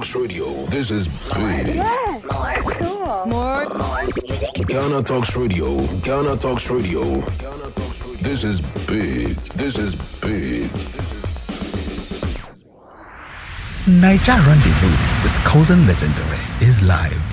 Box Radio. This is big. Yes. More. Cool. More. More music. Ghana Talks Radio. Ghana Talks Radio. This is big. This is big. Niger Rendezvous with Cousin Legendary is live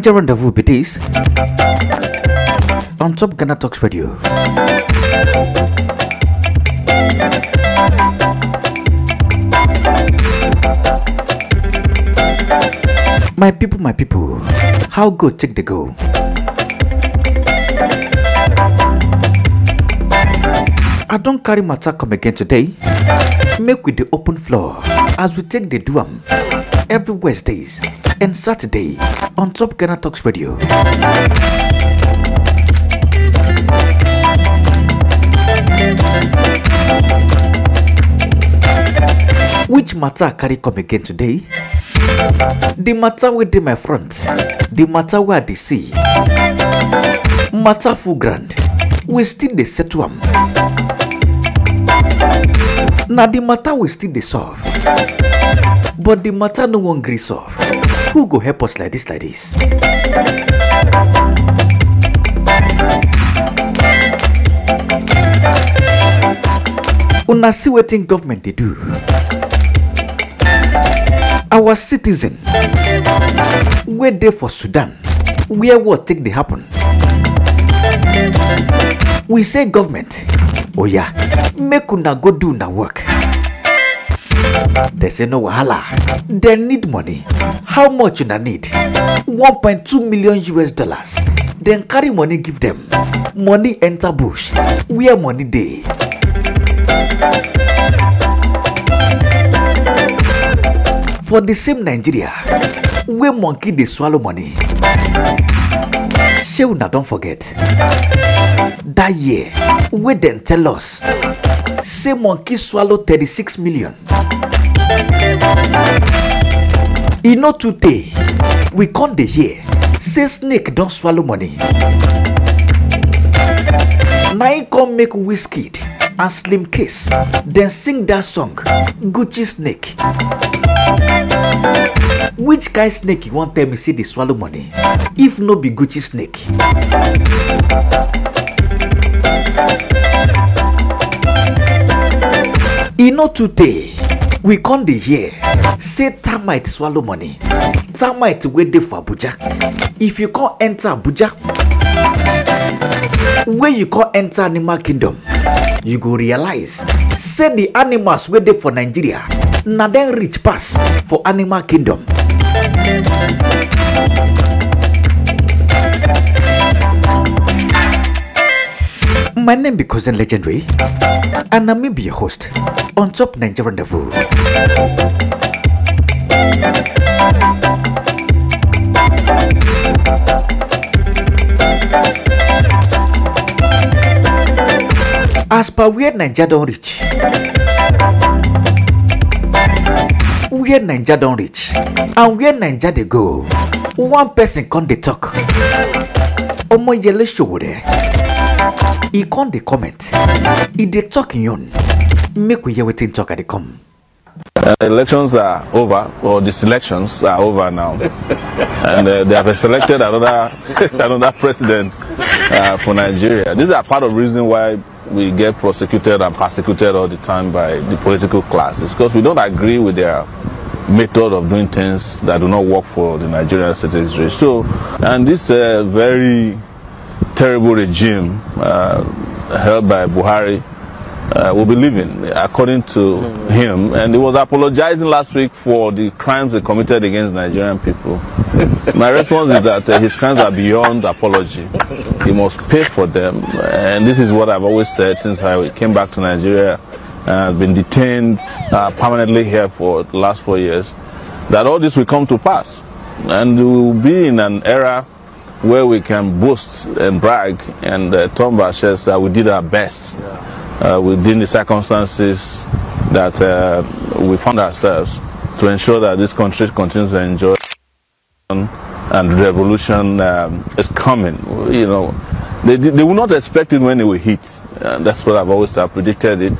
Niger Rendezvous be on Top Ghana Talks Radio. My people, my people, how good take the go? I don't carry matter come again today. Make with the open floor as we take the duam every Wednesdays and Saturday on Top Ghana Talks Radio. Which matter I carry come again today? The matter we did my front, the matter where they see, matter full grand, we still the set one. Now the matter we still the solve but the matter no wan gree solve who go help us like this, like this? una see wetin government dey do our citizen wey dey for sudan where war take dey happen we say government oya make una go do una work They say no wahala. They need money. How much you need? 1.2 million US dollars. Then carry money give them. Money enter bush. Where money dey? For the same Nigeria, where monkey dey swallow money. Shey una don't forget. That year, where then tell us say monkey swallow 36 million e no too tey we con dey hear say snake don swallow money na im come make wizkid and slim case dem sing that song gucci snake which kind snake you wan tell me say dey swallow money if no be gucci snake. e no too tey we come dey hear say termite swallow money termite wey dey for abuja if you come enter abuja when you come enter animal kingdom you go realize say the animals wey dey for nigeria na dem reach pass for animal kingdom. My name be Cousin Legendary, and I'm be your host on Top Ninja Rendezvous. As per where Ninja don't reach, where Ninja don't reach, and where Ninja they go, one person can't they talk. Omo Yele show Showore e con dey comment e dey talk im own make we hear wetin talk i dey come. Uh, elections are over, or the selections are over now, and uh, they have selected another another president uh, for Nigeria. This is a part of the reason why we get prosecuted and persecuted all the time by the political class. because we don't agree with their method of doing things that do not work for the Nigerian citizenry. So, and this uh, very terrible regime uh, held by Buhari uh, will be living, according to him. And he was apologizing last week for the crimes he committed against Nigerian people. My response is that uh, his crimes are beyond apology. He must pay for them. And this is what I've always said since I came back to Nigeria. Uh, I've been detained uh, permanently here for the last four years. That all this will come to pass. And we will be in an era where we can boast and brag and uh, tomb our that we did our best uh, within the circumstances that uh, we found ourselves to ensure that this country continues to enjoy and revolution um, is coming. You know, they, they will not expect it when it will hit. Uh, that's what I've always predicted it.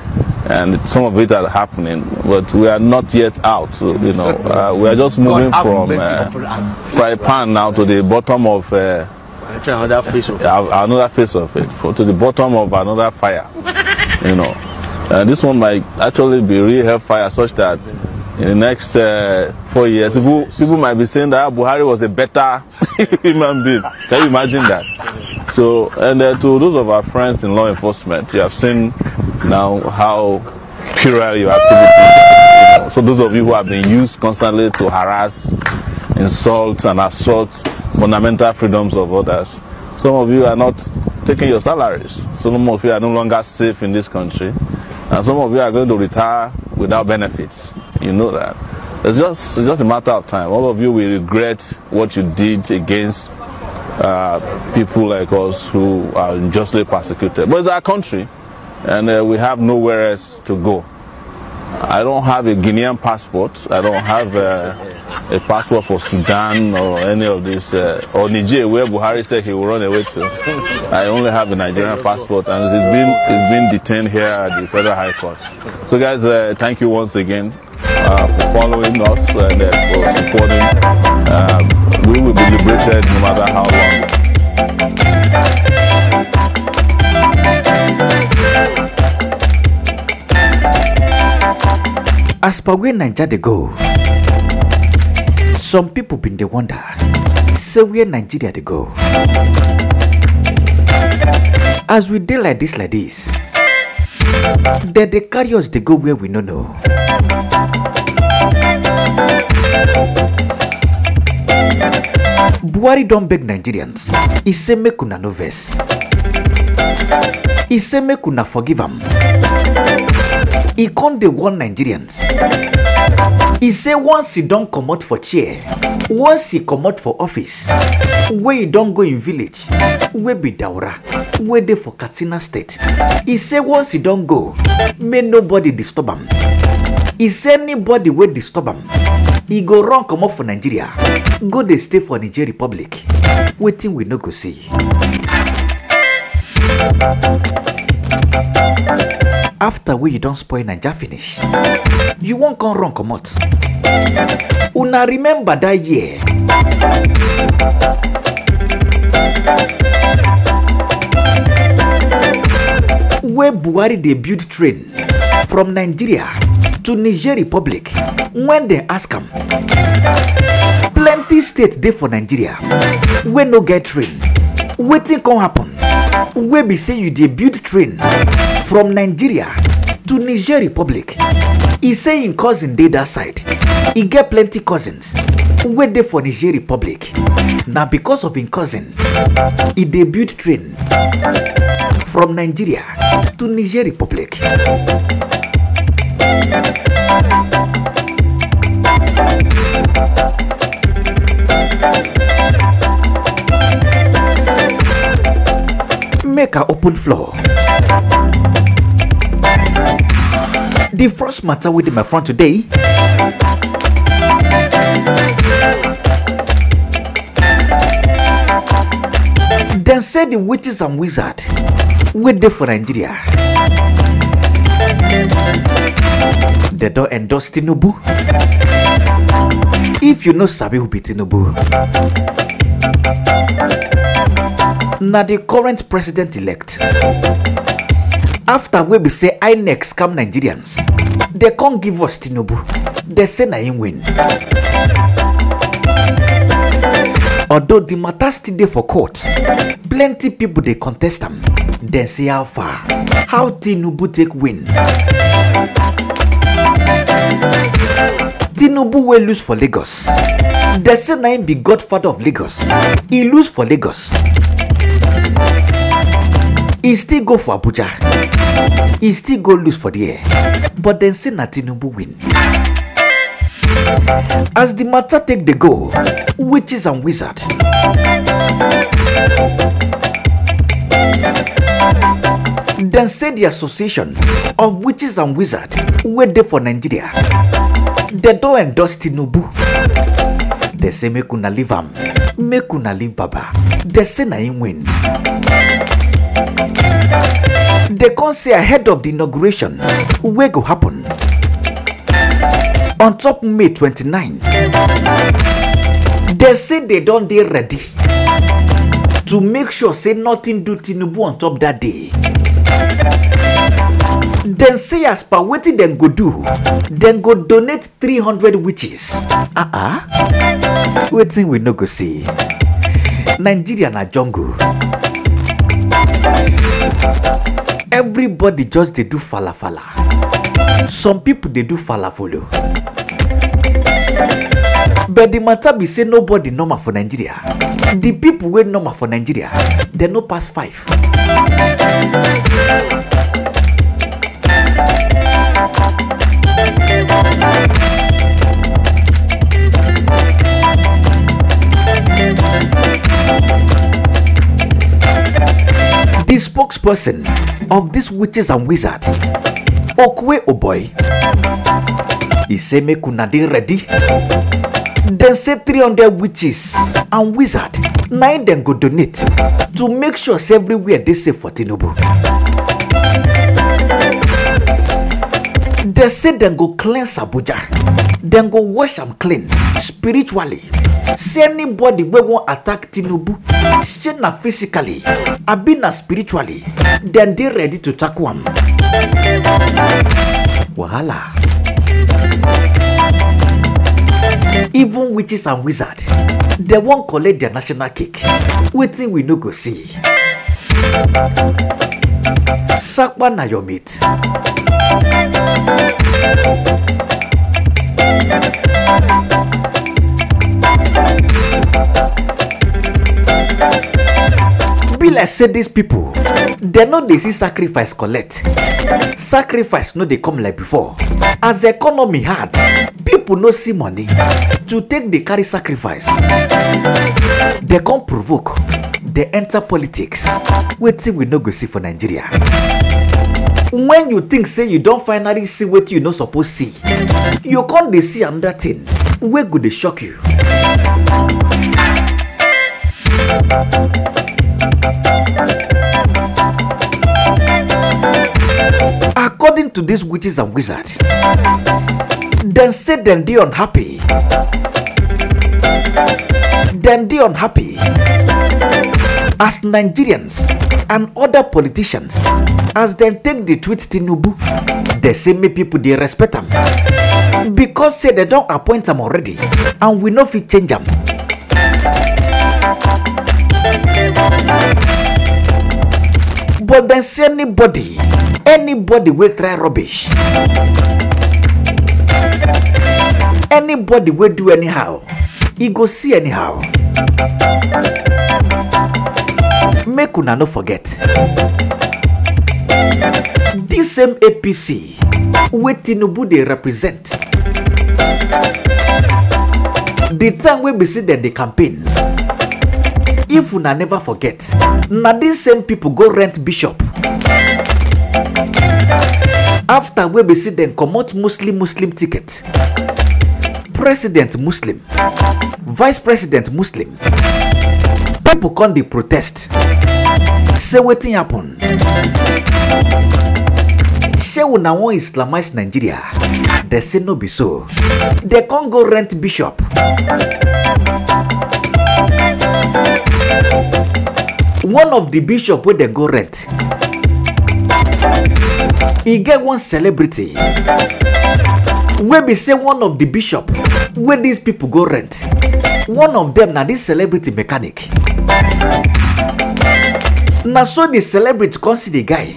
and some of it are happening, but we are not yet out. So, you know, uh, we are just moving from uh, fry pan now to the bottom of uh, another face of it. another face of it, to the bottom of another fire. You know, and uh, this one might actually be real hellfire, such that in the next uh, four years, people, people might be saying that Buhari was a better human being. Can you imagine that? So, and uh, to those of our friends in law enforcement, you have seen now how puerile your activity. You know? So, those of you who have been used constantly to harass, insult, and assault fundamental freedoms of others, some of you are not taking your salaries. Some of you are no longer safe in this country, and some of you are going to retire without benefits. You know that. It's just it's just a matter of time. All of you will regret what you did against uh, people like us who are unjustly persecuted. But it's our country, and uh, we have nowhere else to go. I don't have a Guinean passport. I don't have. Uh, a passport for Sudan or any of this, uh, or Niger, where Buhari said he will run away to. I only have a Nigerian passport, and it's been it's been detained here at the Federal High Court. So, guys, uh, thank you once again uh, for following us and uh, for supporting. Um, we will be liberated no matter how long. As per where Niger they go. some people been dey wonder say where nigeria dey go as we dey like this like this dem dey carry us dey go where we no know buhari don beg nigerians e say make una no vex e say make una forgive am e come dey warn nigerians e say once e don comot for chair once e comot for office wey e don go im village wey be daura wey dey for katsina state e say once e don go may nobody disturb am e say anybody wey disturb am e go run comot for nigeria go dey stay for niger republic wetin we no go see after wey you don spoil naija finish you wan come run comot una remember dat year wey buhari dey build train from nigeria to niger republic wen dem ask am plenty states dey for nigeria wey no get train wetin come happen wey be say you dey build train from nigeria to niger republic e say im cousin dey that side e get plenty cousins wey dey for niger republic na because of im cousin e dey build train from nigeria to niger republic. make open floor di first matter with my front today dem say the witches and wizard with the for nigeria dem don endorse tinubu if you know, sabi who be tinubu na the current president-elect After wey be say inec scam nigerians dem come give us tinubu dem say na im win although the matter still dey for court plenty people dey contest am dem say how far how tinubu take win tinubu wey lose for lagos dem say na im be godfather of lagos He lose for lagos e still go for abuja e still go lose for there but dem say na tinubu win. as di matter take dey go witches and wizards dem say di association of witches and wizards wey dey for nigeria dem don endorse tinubu dem say make una leave am make una leave baba dem say na im win. They can't say ahead of the inauguration where go happen. On top May 29, they say they don't they ready to make sure say nothing do Tinubu on top that day. Then say as per wetin dem go do, Then go donate 300 witches. Uh-uh. Waiting we no go see. Nigeria na jungle everybody just dey do falafala some people dey do falafolo but the matter be say nobody normal for nigeria the people wey normal for nigeria dem no pass five. The spokesperson of these witches and wizards, Okwe Oboy, he say make una dey ready. Dem say 300 witches and wizards na dem go donate to make sure say everywhere dey safe for Tinubu. They say then go cleanse Abuja. then go wash them clean spiritually. See anybody wey won't attack Tinubu, shey na physically abi na spiritually, then they ready to tackle am. Wahala. Even witches and wizards, they won't collect their national cake. Wetin we no go see. Sakpa na your mate. Be like say these people, they no they see sacrifice collect. Sacrifice no they come like before. As economy hard, people no see money to take the carry sacrifice. They come provoke dey enter politics wetin we no go see for nigeria when you think say you don finally see wetin you no suppose see you come dey see another thing wey go dey shock you. according to these witches and wizards dem say dem dey unhappy dem dey unhappy as nigerians and other politicians as dem take dey treat tinubu dey say make pipo dey respect am because say dem don appoint am already and we no fit change am but dem say anybody anybody wey try rubbish anybody wey do anyhow e go see anyhow make una no forget This same apc wey tinubu dey represent the time wey be say dem dey campaign if una never forget na this same people go rent bishop after wey be say dem comot muslim muslim ticket president muslim vice president muslim People come dey protest say wetin happen shey una wan islamize nigeria dem say no be so dem come go rent bishop one of the bishop wey dem go rent e get one celebrity wey be say one of the bishop wey these people go rent one of them, na this celebrity mechanic na so di celebrity come see di guy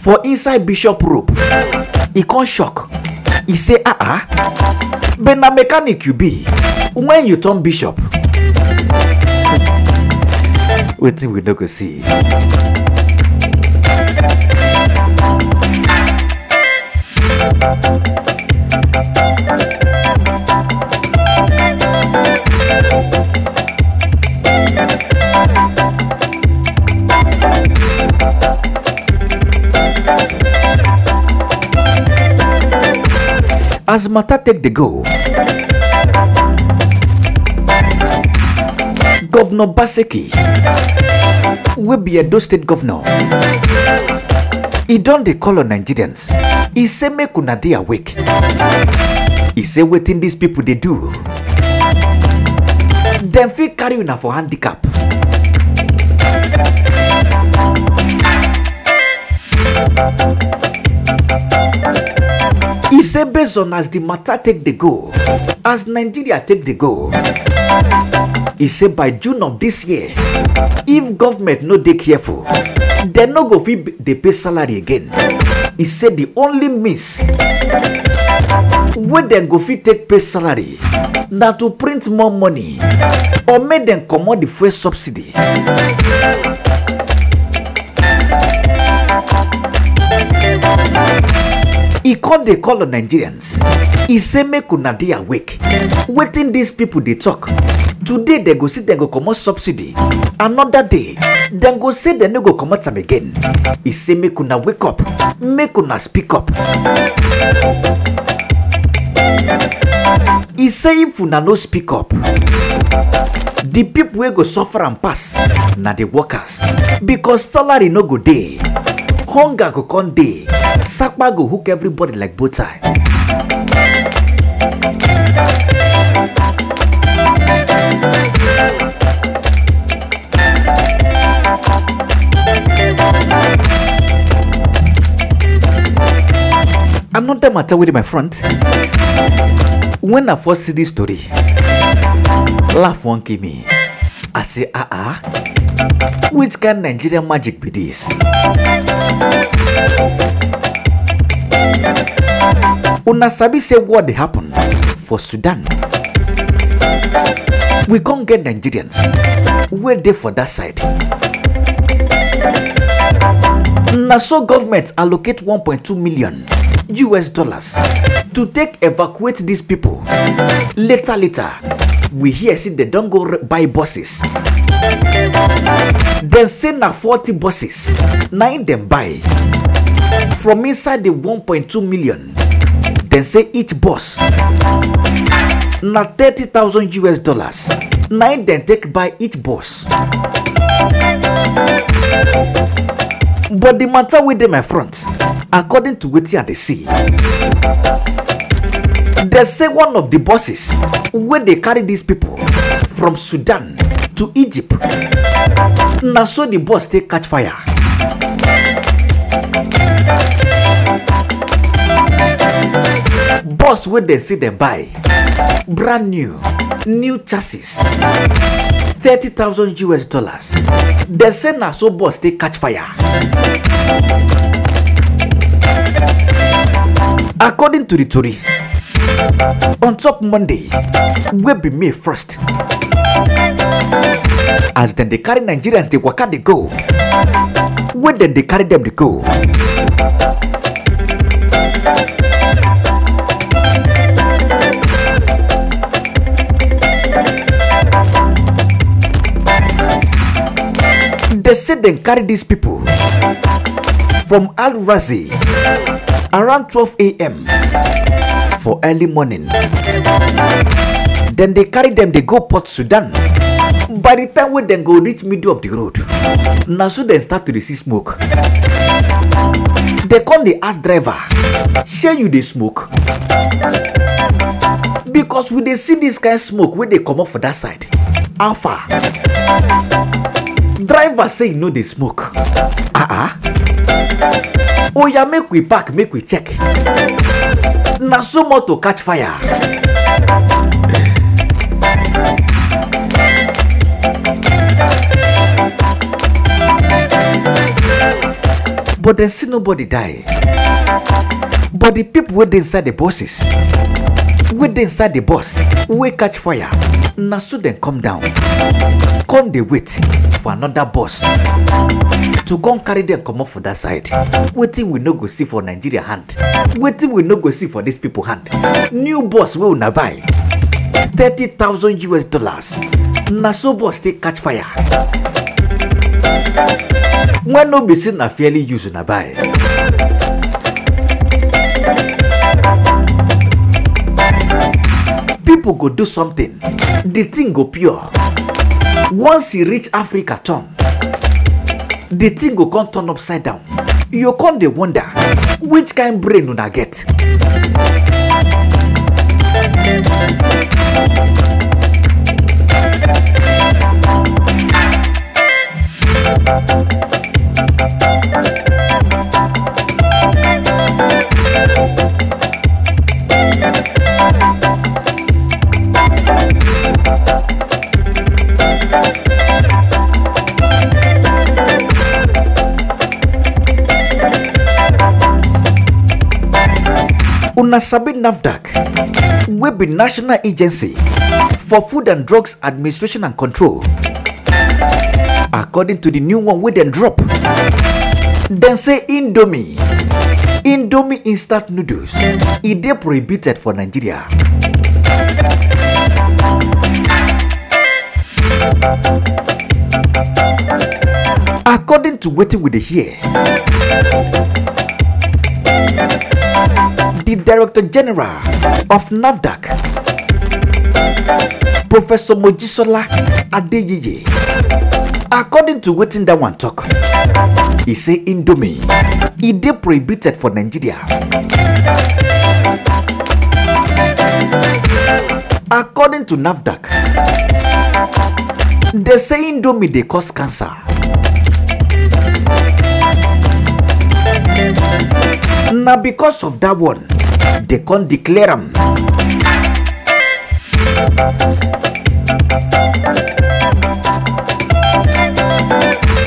for inside bishop robe e come shock e say ah ah but na mechanic you be when you turn bishop wetin we no go see. as matter take dey go governor baseki wey be edo state governor e don dey call on nigerians e say make una dey awake e say wetin dis pipo dey do dem fit carry una for handicap say based on as the matter take dey go as nigeria take dey go e say by june of dis year if government no dey careful dem no go fit dey pay salary again e say di only means wey dem go fit take pay salary na to print more money or make dem comot di fuel subsidy. He come dey call on nigerians He say make una dey awake wetin these people. dey talk. today dem go see dem go comot subsidy Another day dem go say dem no go comot am again He say make una wake up make una speak up He say if una no speak up the people wey go suffer am pass na the workers because salary no go dey hunger go come dey sapa go hook everybody like bow tie. another matter wey dey my front when i first see this story laugh wan kill me i say ah ah. Which kind Nigerian magic be this? Una sabi say what dey happen for Sudan. We can't get Nigerians wey dey for that side. Na so government allocate 1.2 million US dollars to take evacuate these people later later we hear say they don't go buy buses dem say na forty buses na im dem buy from inside the one point two million dem say each bus na thirty thousand us dollars na im dem take buy each bus but the matter wey dey my front according to wetin i dey see They say one of the buses when they carry these people from sudan to egypt na so the bus take catch fire. bus wey dem see dem buy brand new new chassis thirty thousand us dollars dem say na so bus take catch fire. according to the tori on top monday wey be may first as dem dey carry nigerians dey waka dey go wey dem dey carry dem dey go. They say dem carry dis pipo from al razi around 12 a.m for early morning then they carry them. They go port sudan by the time we then go reach middle of the road now so dem start to see smoke They come dey ask driver shey you the smoke because we they see dis kain smoke when they come up for that side how far driver say e no dey smoke ah ah yeah, make we park make we check na so motor catch fire. but dem see nobody die but the people wey dey inside the buses wey dey inside the bus wey catch fire na so dem come down come dey wait for another bus to go and carry them, come comot for that side Waiting, we no go see for nigeria hand Waiting, we no go see for these people hand new boss, wey una buy thirty thousand us dollars Naso boss, bus take catch fire when no be seen a fairly use una buy. pipo go do something The thing go pure once he reach africa turn the thing go come turn upside down you come dey wonder which kind brain una get. thank you Una sabi nafdac wey be national agency for food and drugs administration and control according to di new one wey dem drop dem say indomie indomie instant noodles e dey prohibited for nigeria according to wetin we dey hear Director General of NAFDAC, Professor Mojisola Adeyeye. According to wetin that one talk, e say Indomie e dey prohibited for Nigeria. According to NAFDAC, they say Indomie dey cause cancer. na because of dat one they can't declare them.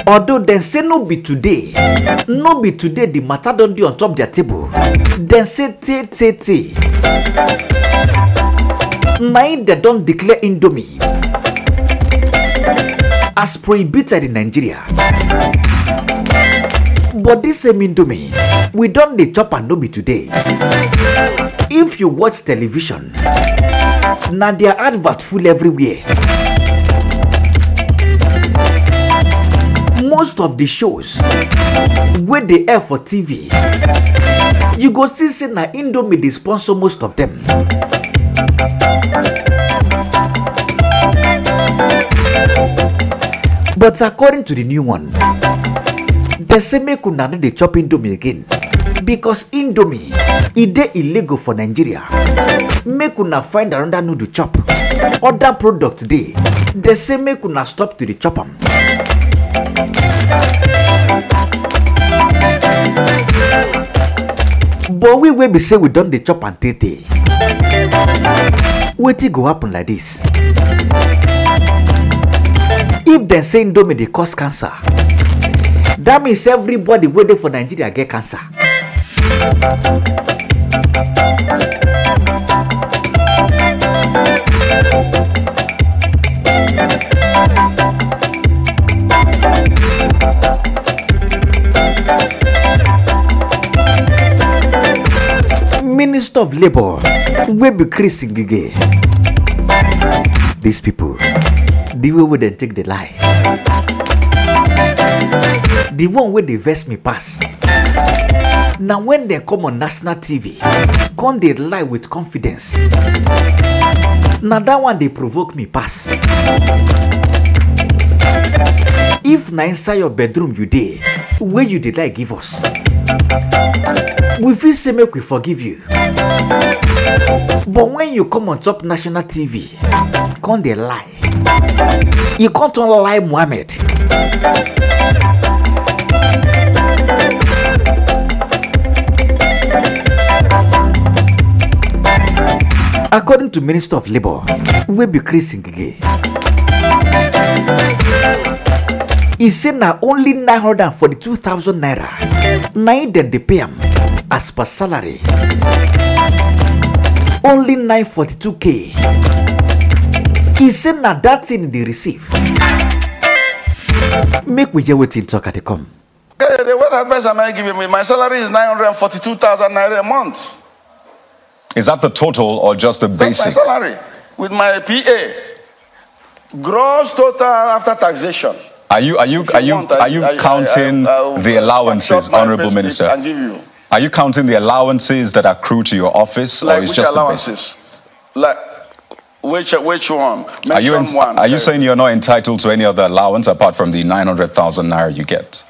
although dem say no be today no be today di mata don dey on top dia table dem say tey tey tey na im dem don declare indomie as prohibited in nigeria body same indomie we don dey chop am no be today if you watch television na their advert full everywhere most of the shows wey dey air for tv you go see say na indomie dey sponsor most of them. but according to the new one dem say make una no dey chop indomie again because indomie e dey illegal for nigeria make una find another noodle chop other product dey dem say make una stop to dey chop am. but we wey be say we don dey chop am tey tey wetin go happen like dis if dem say indomie dey cause cancer that means everybody waiting for nigeria get cancer. minister of labour wey be chris ngige these people the way wey dem take dey lie the one wey dey vex me pass na when dem come on national tv come dey lie with confidence na that one dey provoke me pass if na inside your bedroom you dey wey you dey lie give us we fit say make we forgive you but when you come on top national tv come dey lie you e come turn lie muhammed according to minister of labour wey be chris ngige e say na only 942000 naira na im dem dey pay am as per salary only 942k He said na dat thing e receive Make we hear you talk at the come. What the advice am I giving me? My salary is nine hundred and forty-two thousand naira a month. Is that the total or just the That's basic? my salary with my PA. Gross total after taxation. Are you are you are you, want, are you I, counting I, I, the allowances, Honourable Minister? And give you. Are you counting the allowances that accrue to your office, like or is just allowances? The basic? Like which, which one? are you, ent- one, are you saying you're not entitled to any other allowance apart from the 900,000 naira you get?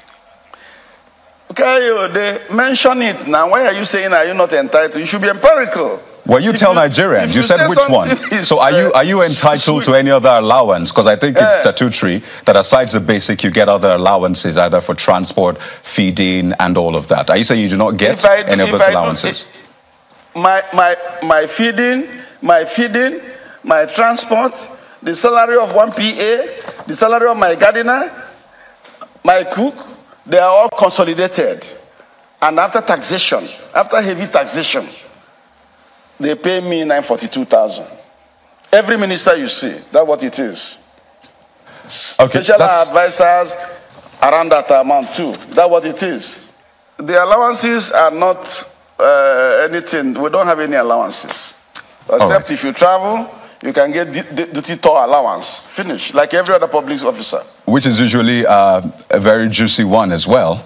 Okay, they mention it now. Why are you saying are you not entitled? You should be empirical. Well, you if tell you, Nigerians. You, you said which one. So are you are you entitled to any other allowance? Because I think it's statutory that aside the basic, you get other allowances either for transport, feeding, and all of that. Are you saying you do not get do, any of those allowances? Do, my my my feeding, my feeding, my transport, the salary of one PA, the salary of my gardener, my cook, they are all consolidated. And after taxation, after heavy taxation, they pay me 942,000. Every minister you see, that's what it is. Okay, Special that's... advisors around that amount too. That's what it is. The allowances are not uh, anything. We don't have any allowances. Except right. if you travel, you can get duty tour allowance. Finish, like every other public officer. Which is usually uh, a very juicy one as well.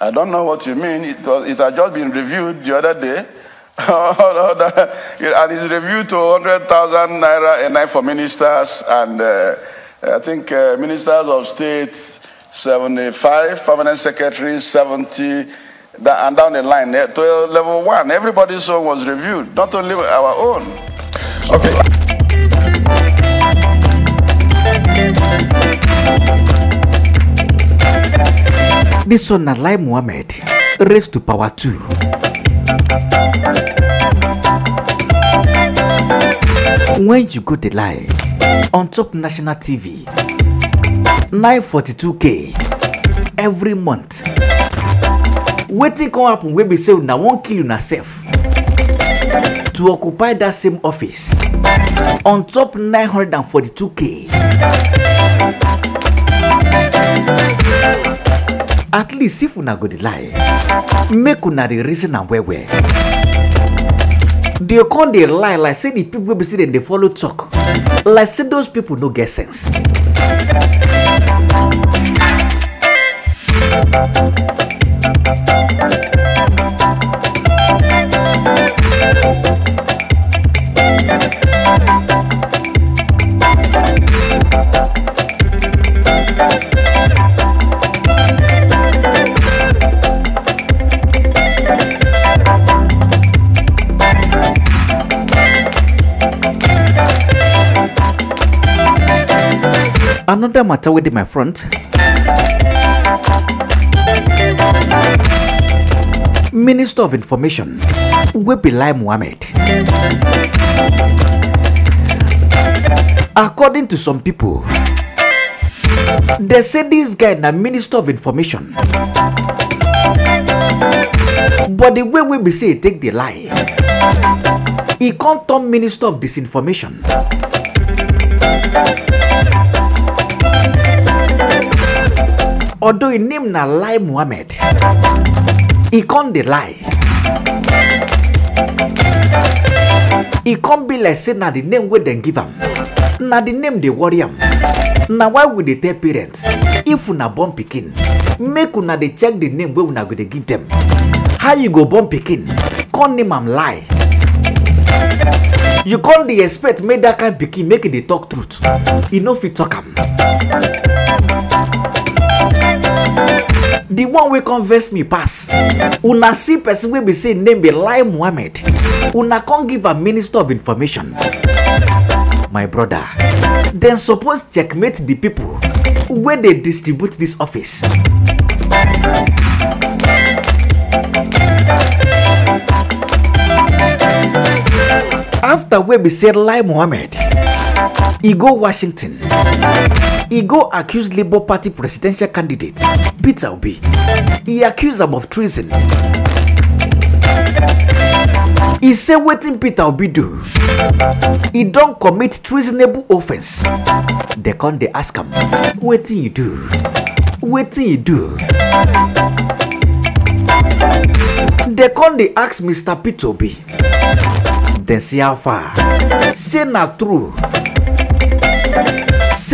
I don't know what you mean. It, was, it had just been reviewed the other day. and it's reviewed to 100,000 naira a night for ministers and uh, I think uh, ministers of state 75, permanent secretaries 70 that, and down the line eh, to level one. Everybody's own was reviewed, not only our own. Okay. This one, Nalai Mohammed, raised to power two. When you go the line on top national TV, 942k every month wetin come happen wey be say una wan kill una sef to occupy dat same office on top 942k at least if una go dey lie make una dey reason am well well dey come dey lie like say the people wey be say dem dey follow talk like say those people no get sense. another matter with my front minister of information wey be mohammed according to some people, they say this guy na minister of information but the way wey be say e take dey lie e come turn minister of disinformation although im name na lai Muhammad? He come dey lie e come be like say na the name wey dem give am na the name dey worry am na why we dey tell parents if una born pikin make una dey check the name wey una go dey give dem how you go born pikin come name am lie you come dey expect make dat kind pikin make e dey talk truth e no fit talk am the one wey come vex me pass una see person wey be say name be lai muhammed una come give am minister of information my brother dem suppose checkmate the people wey dey distribute this office. after wey be say lai muhammed e go washington He go accuse Labour Party presidential candidate Peter Obi. He accuse him of treason. He say wetin Peter Obi do. He don commit treasonable offence. They come dey ask am, wetin you do? Wetin you do? They come dey ask Mr. Peter Obi. Dem see how far. Say na true.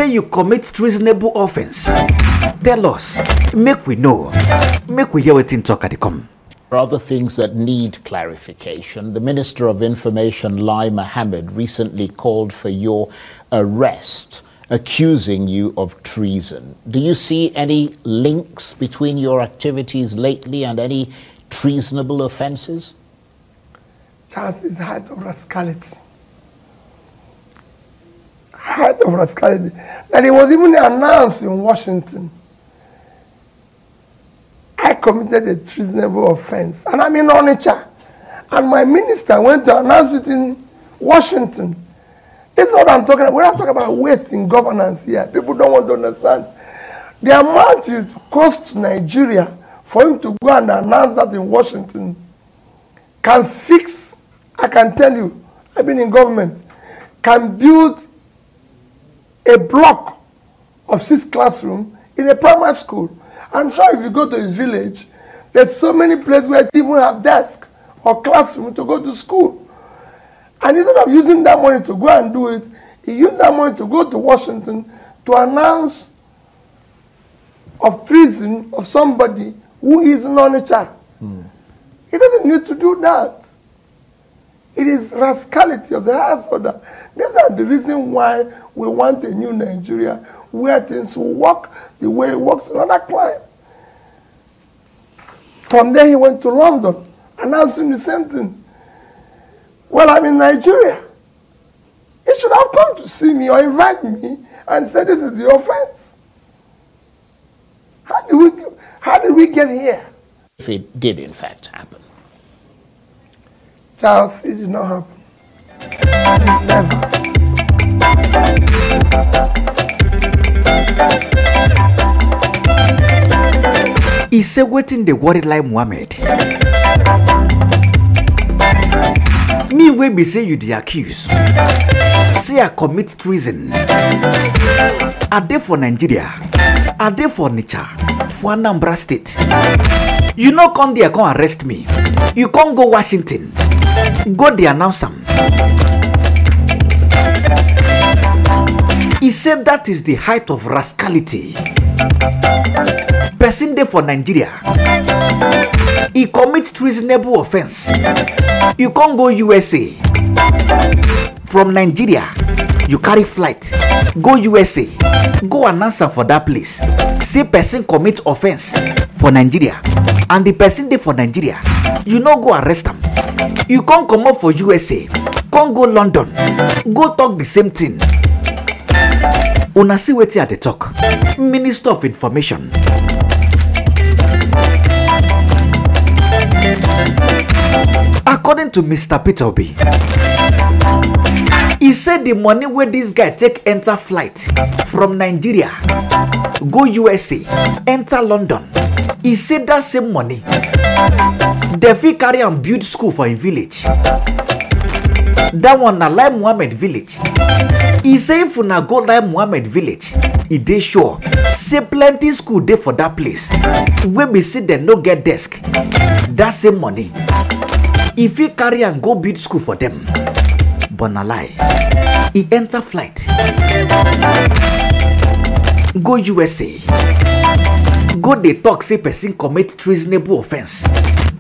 say you commit treasonable offense tell us make we know make we hear wetin talk at the come There are other things that need clarification. The Minister of Information, Lai Mohammed, recently called for your arrest, accusing you of treason. Do you see any links between your activities lately and any treasonable offences? Charles is the height of rascality. height of rascality that it was even announced in Washington. I committed a treasonable offense, and I'm in Onitsha. And my minister went to announce it in Washington. This is what I'm talking about. We're not talking about waste in governance here. People don't want to understand. The amount it cost Nigeria for him to go and announce that in Washington can fix, I can tell you, I've been in government, can build a block of six classrooms in a primary school. I'm sure if you go to his village, there's so many places where people have desks or classroom to go to school. And instead of using that money to go and do it, he used that money to go to Washington to announce of treason of somebody who is an only child. Mm. He doesn't need to do that. It is rascality of the highest order. These are the reason why we want a new Nigeria where things will work the way it works in other clime. From there, he went to London, announcing the same thing. Well, I'm in Nigeria. He should have come to see me or invite me and said, This is the offense. How did we, how did we get here? If it did, in fact, happen. Child, it did not happen. Never. He say wetin dey worry Lai Muhammed? Me wey be say you dey accused. say I commit treason. Are they for Nigeria, Are they for nature? for Anambra state. You know, come there come arrest me, you can't go Washington go dey announce am e say that is the height of rascality person dey for nigeria e commit treasonable offence you come go usa from nigeria you carry flight go usa go announce am for that place say person commit offence for nigeria and the person dey for nigeria you no go arrest am you come comot for usa come go london go talk the same thing una see wetin i dey talk minister of information. according to mr peter obi e say di money wey dis guy take enta flight from nigeria go usa enta london He said that same money. Defi carry and build school for a village. That one na Lai Muhammad village. He say if una go Lai Muhammad village, e dey sure say plenty school dey for that place wey be say dem no get desk. That same money, If fit carry and go build school for them, But na lie, e enter flight go USA go dey talk say person commit treasonable offence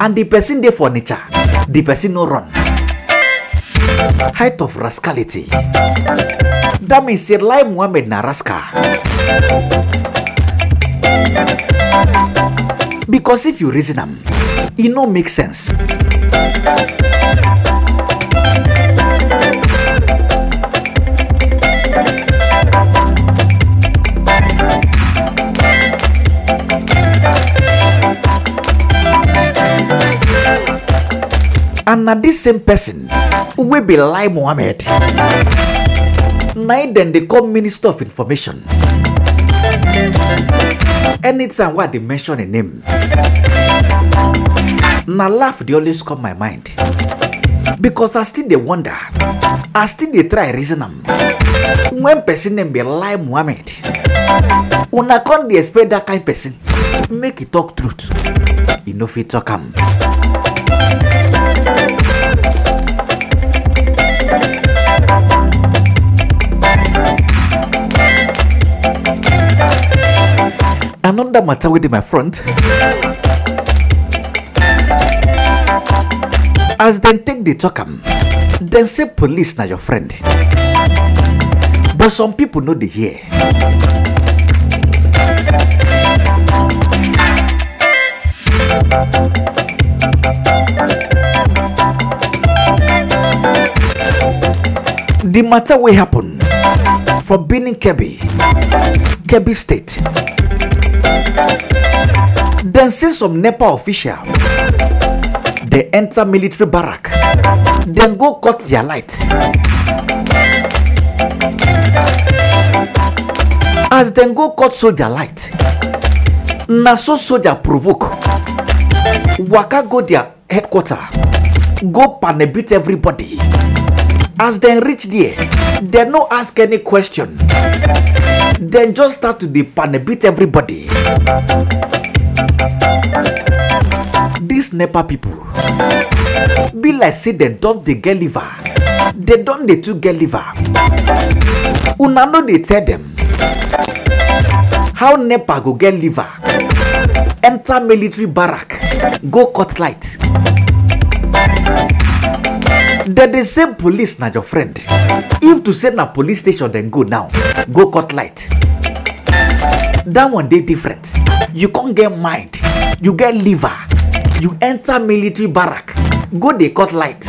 and the person dey for nature the person no run height of rascality that means say lai muhammed na rascal because if you reason am e no make sense. and na this same person wey be lai mohammed na dem dey call minister of information anytime wey i dey mention im name na laugh dey always come my mind because i still dey wonder i still dey try reason am when person name be lai mohammed una come dey expect dat kain person make e talk truth e no fit talk am. another matter within my front. as dem take the talk am um, say police na your friend but some people know dey hear. The matter will happen for benin kebbi kebbi state Then see some NEPA official. They enter military barrack. Then go cut their light. As then go cut soldier light. Na so soldier provoke. Waka go their headquarter. Go panabit everybody. As they reach there, they no ask any question then just start to dey panic beat everybody. these nepa people be like say dem don dey get liver dem don dey too get liver una no dey tell dem how nepa go get liver enter military barrack go cut light then they say police na your friend if to say na police station then go now go cut light that one dey different you come get mind you get liver you enter military barrack go dey cut light.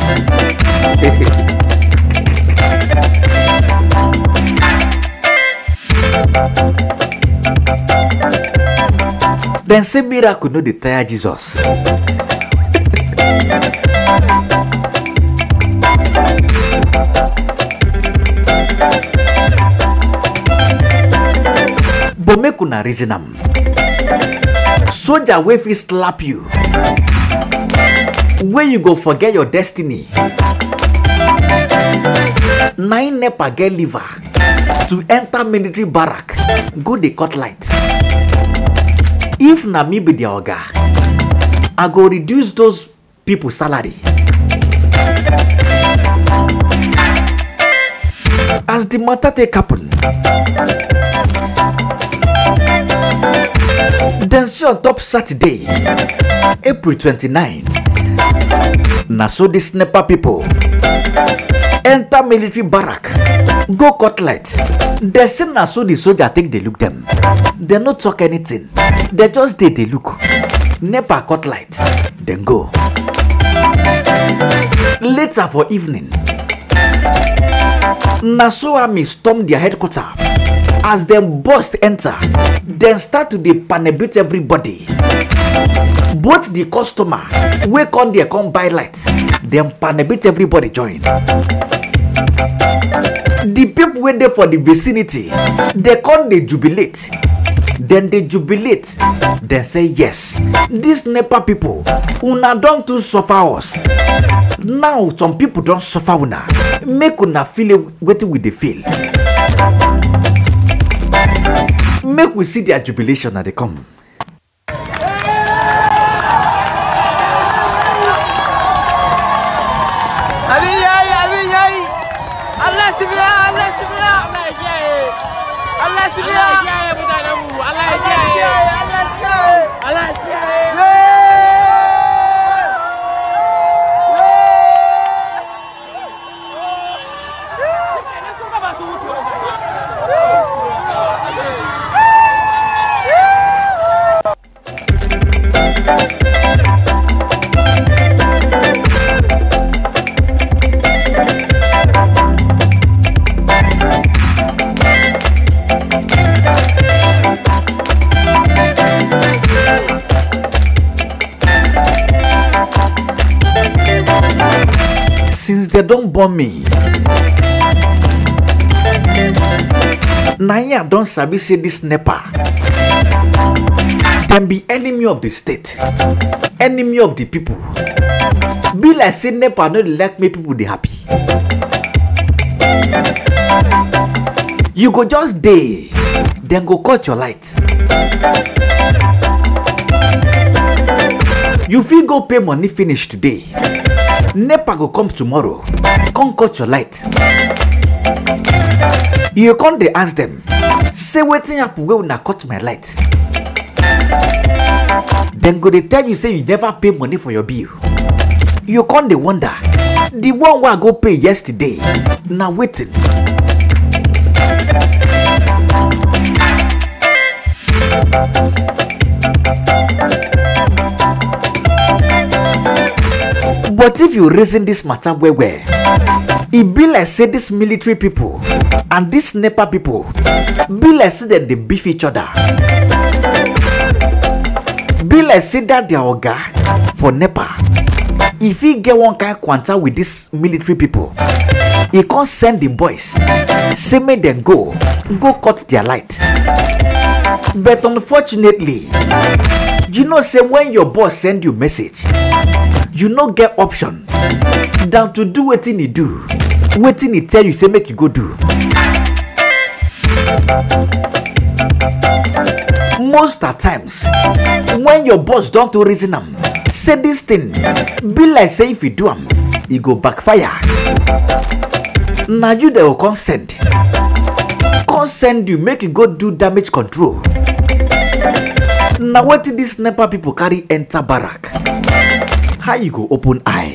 dem say miracle no dey tire jesus. but make una reason am soldier wey fit slap you wey you go forget your destiny na im nepa get liver to enter military barrack go dey cut light if na me be their oga i go reduce those people salary as the matter take happen. Dancy on top Saturday, April 29. Na so the snapper people enter military barrack, go cutlet. They say na so the soldier take they look them. They no talk anything. They just they they look. Nepa cutlet, then go. Later for evening, Naso so army storm their headquarters as them burst enter dem start to dey panabit everybody both the customer wey come there come buy light Then panabit everybody join the people wey dey for the vicinity dey come dey jubilate dem dey jubilate dem say yes dis nepa pipo una don too suffer us now some pipo don suffer una make una feel wetin we dey feel make we see their jubilation na they come sabi say dis nepa dem be enemy of the state enemy of the people be like say nepa no dey like make people dey happy you go just dey dem go cut your light you fit go pay money finish today nepa go come tomorrow come cut your light you come dey ask dem say wetin happen wey una cut my light dem go dey tell you say you never pay money for your bill you come dey wonder the one wey i go pay yesterday na wetin. thank you but if you reason this matter well well e be like say this military people and this nepa people be like say dem dey beef each other be like say that their oga for nepa e fit get one kind kwanta with this military people e come send im boys say make dem go go cut their light but unfortunately you know say when your boss send you message you no get option than to do wetin e do wetin he tell you say make you go do. most at times when your boss don too reason am say this thing be like say if you do am e go backfire na you dey go consent. Consent you make you go do damage control na wetin dis nepa pipo carry enter barrack how you go open eye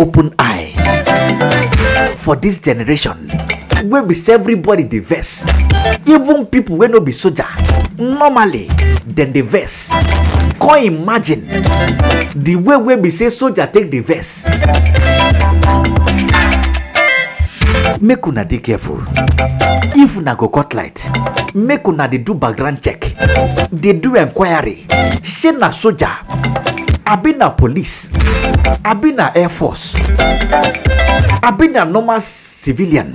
open eye for dis generation wey be say everybody dey vex even pipo wey no be soldier normally dem dey vex come imagine di way wey be say soldier take dey vex make una dey careful if una go cut light make una dey do background check dey do enquiry shey na soldier. abi na police abi na air force abi na normal civilian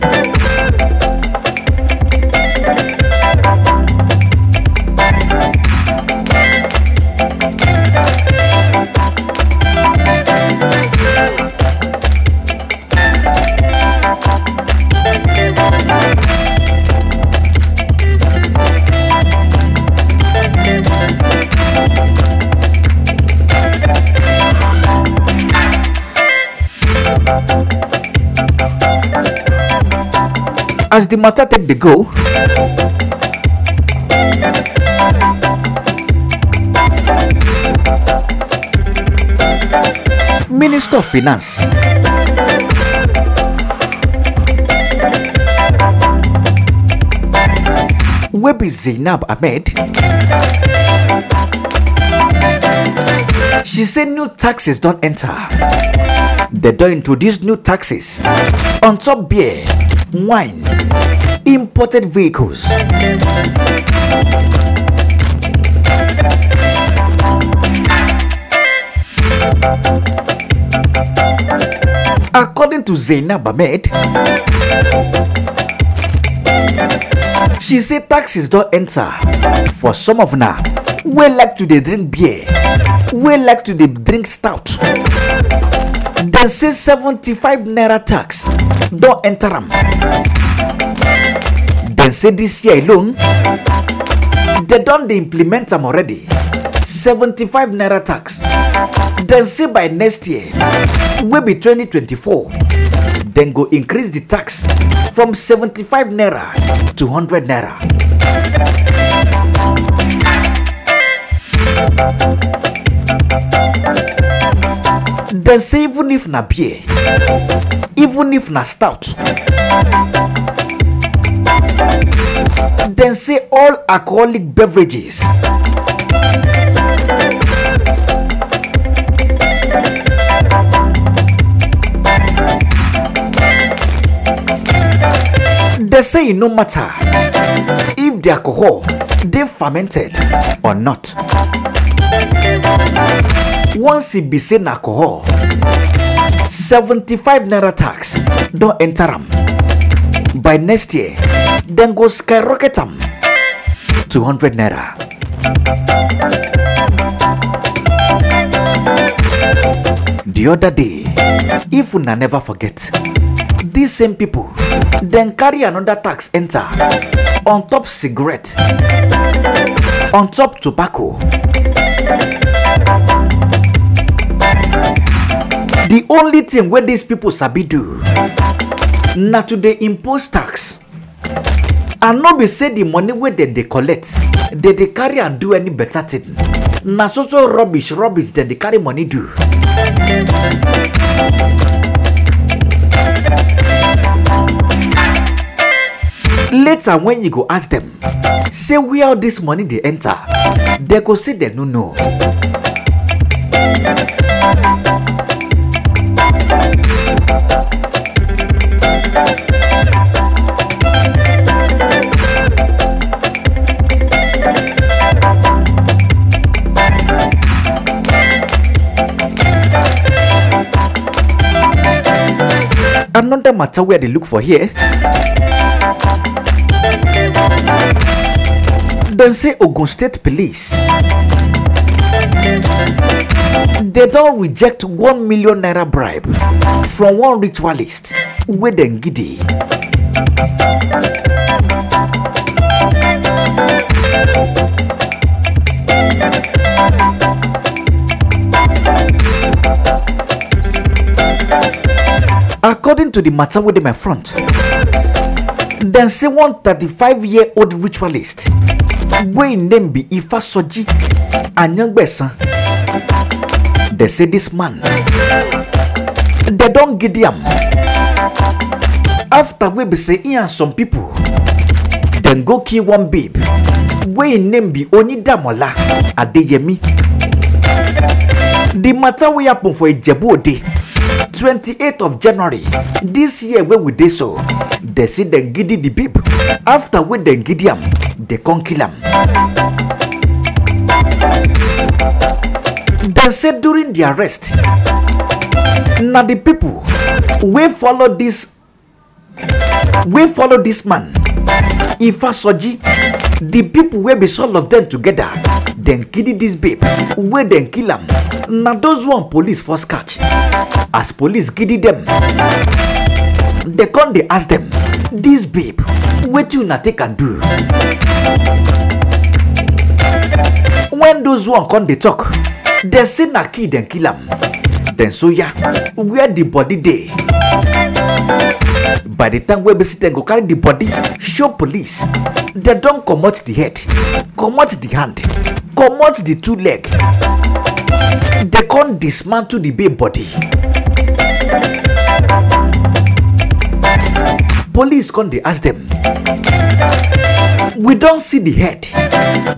as the matter take dey go minister of finance wey be zainab ahmed she say new taxes don enter dem don introduce new taxes on top beer wine, imported vehicles. According to Zainab Ahmed, she said taxes don't enter for some of now. We like to they drink beer, we like to they drink stout dem say seventy-five naira tax don enter am dem say dis year alone dem don dey implement am already seventy-five naira tax dem say by next year wey be twenty twenty-four dem go increase the tax from seventy-five naira to hundred naira dem say even if na beer even if na stout dem say all alcoholic beverages They say no matter if the alcohol dey fermented or not. Once cbc na alcohol five naira tax don enter am by next year dem go skyrocket am Two hundred naira. The other day, if una never forget, these same people then carry another tax enter on top cigarette, on top tobacco. the only thing where these people sabi do na to dey impose tax and no be say the money where they dey collect they dey carry and do any better thing na so so rubbish rubbish dem dey carry money do. later when you go ask them, say where all dis money they enter they go say they no know. matter where they look for here dem say ogun state police they don't reject one million naira bribe from one ritualist wey dem gidi. attend to the matter wey my front then say one 35 year old ritualist wey im name be ifa ifasoji anyangbesan They say this man they don't get am after we be say he and some people, then go kill one babe wey im name be onidamola adeyemi di matter wey happen for ijebu ode 28th of january this year wey we dey so dey see dem gidi the babe after wey dem gidi am dey come kill am. dem say during di arrest na di pipo wey follow dis wey follow dis man ifasoji di pipo wey be all of dem togeda dem kill dis babe wey dem kill am na those one police first catch as police gidi dem dem come dey ask dem dis babe wetin una take am do wen those one come dey talk. dem say na kill dem kill am dem soya ya where di body dey by the time wey be say dem go carry the body show police dem don comot the head comot the hand comot the two leg dem come dismantle the babe body. police come dey ask dem we don see the head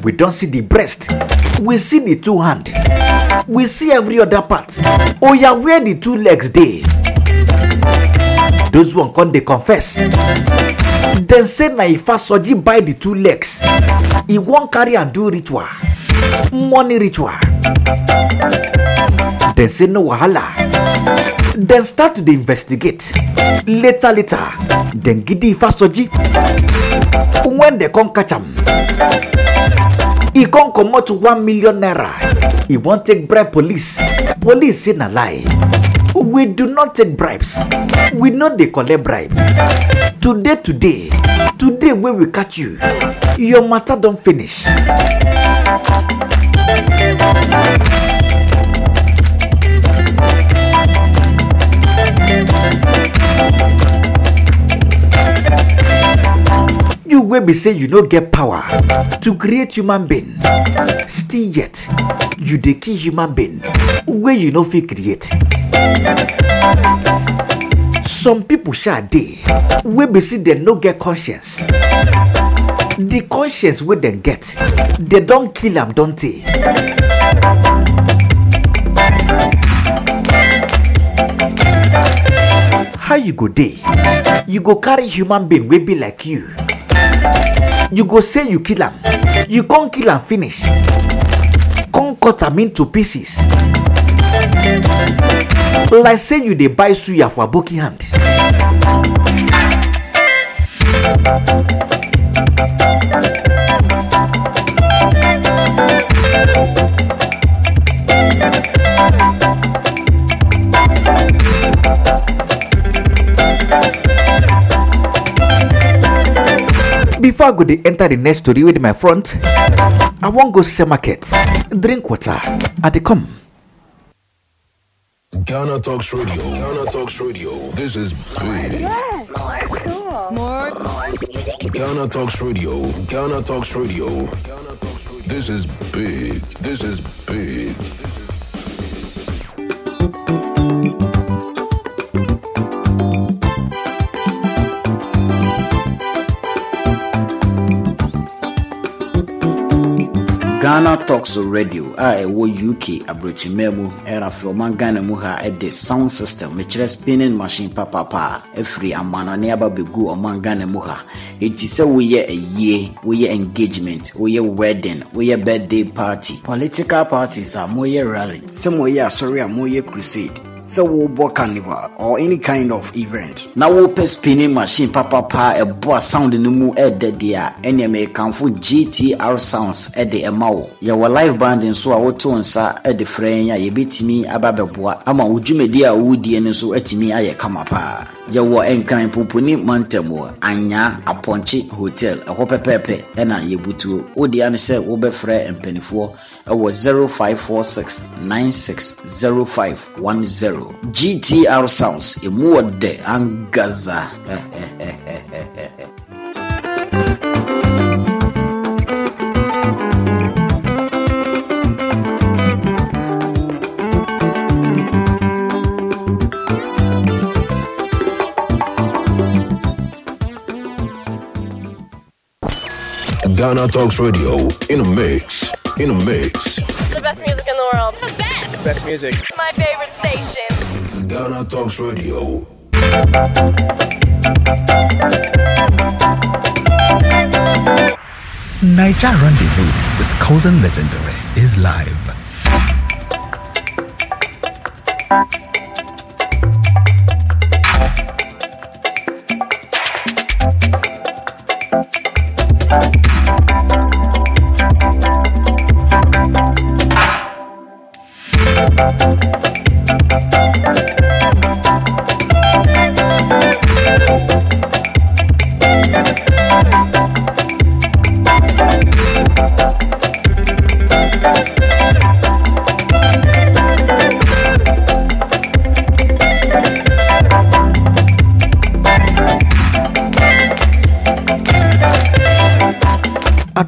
we don see the breast we see the two hand we see every other part oya oh yeah, where the two legs dey those one come dey confess dem say na soji buy the two legs e wan carry am do ritual money ritual dem say no wahala dem start to dey investigate later later dem gidi soji. wen dem come catch am e come comot one million naira e wan take bribe police police say na lie we do not take bribes we no dey collect bribe today today today wey we catch you your matter don finish. you wey be say you no get power to create human being still yet you dey kill human being wey you no fit create some pipo sha dey wey be say dem no get conscience di conscience wey dem get dem don kill am don tey. how you go dey you go carry human being wey be like you you go say you kill am you come kill am finish cut am into pieces like say you dey buy suya for aboki hand. before i go dey enter the next story wey dey my front i wan go sell market. drink water at the come. Ghana Talks Radio. Ghana Talks Radio. This is big. Yeah, more cool. More, more music. Ghana Talks Radio. Ghana Talks Radio. This is big. This is big. ghana talks radio a ɛwɔ uk aberɛkyimmaa mu ɛna afei ɔman ghana mu ha ɛde sound system mekyerɛ spinning machine papapa a afiri amanane aba bɛgu ɔman ghana mu ha ɛti sɛ woyɛ ayie woyɛ engagement woyɛ wedding woyɛ birthday party political parties a moyɛ rally sɛ moyɛ asɔre a moyɛ crusade sɛ wobɔ carnival or any kind of event na wopɛ spinning machine papapa ɛboa sound no mu ɛdɛ deɛ a ɛneɛ mekamfo gtr sounds ɛde ɛma wo yɛwɔ live band nso a woto nsa ɛde frɛ yɛn a yɛbɛtumi aba bɛboa ama wo dwumadi a wowodie no nso atumi ayɛ kama paa yɛwɔ nkran pumpuni mantam wɔ anyaa apɔnkye hotel ɛhɔ pɛpɛɛpɛ ɛna yɛbutuo wodea ne sɛ wobɛfrɛ mpanifoɔ ɛwɔ 0546 960510 gtr sounds ɛmu wɔ dɛ angaza Ghana Talks Radio in a mix. In a mix. The best music in the world. The best. Best music. My favorite station. Ghana Talks Radio. Niger Rendezvous with Cousin Legendary is live.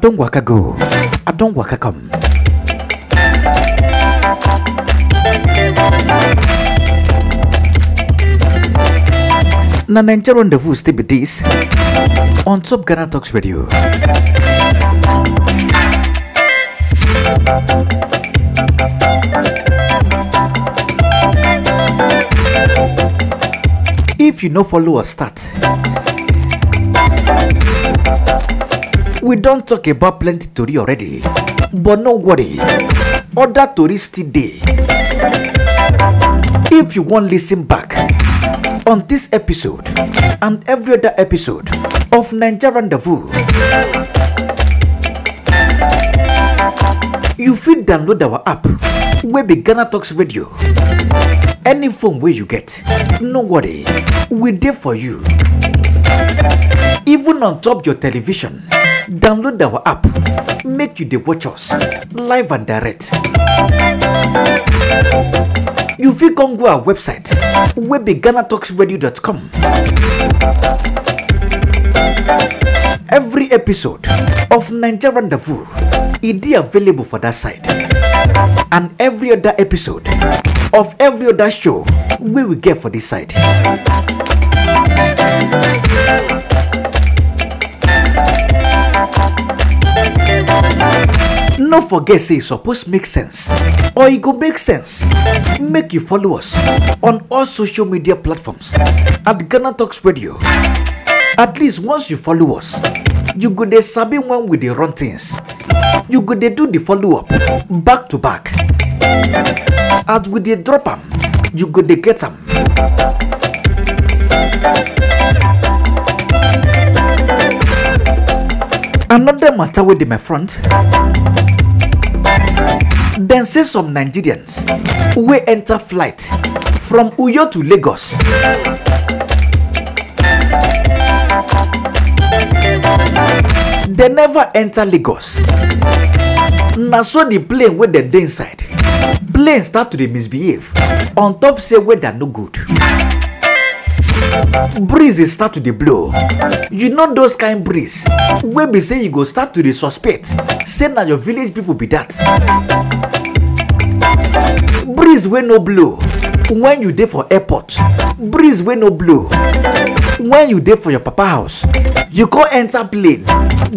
don't walk a go, I don't walk a come. Na Niger rendezvous still be this on Top Ghana Talks Radio. If you no follow us, start we don talk about plenty tori already but no worry other tori still dey if you wan lis ten back on this episode and every other episode of naija rendezvous you fit download our app wey be ghana talks radio any phone wey you get no worry we dey for you even on top your television download our app make you dey watch us live and direct. You fit come go our website wey be ghanatalksradio.com. Every episode of Niger Rendezvous e dey available for that site and every other episode of every other show wey we get for this side. no forget say e suppose make sense or e go make sense make you follow us on all social media platforms at ghana talks radio at least once you follow us you go dey sabi when we dey run things you go dey do the follow up back to back as we dey drop am you go dey get am. another matter wey dey my front dem say some nigerians wey enta flight from uyo to lagos dem never enta lagos na so di plane wey dem dey inside plane start to dey misbehave on top say weather no good breeze start to dey blow you know those kind breeze wey be say you go start to dey suspect say na your village people be that breeze wey no blow when you dey for airport breeze wey no blow when you dey for your papa house you go enter plane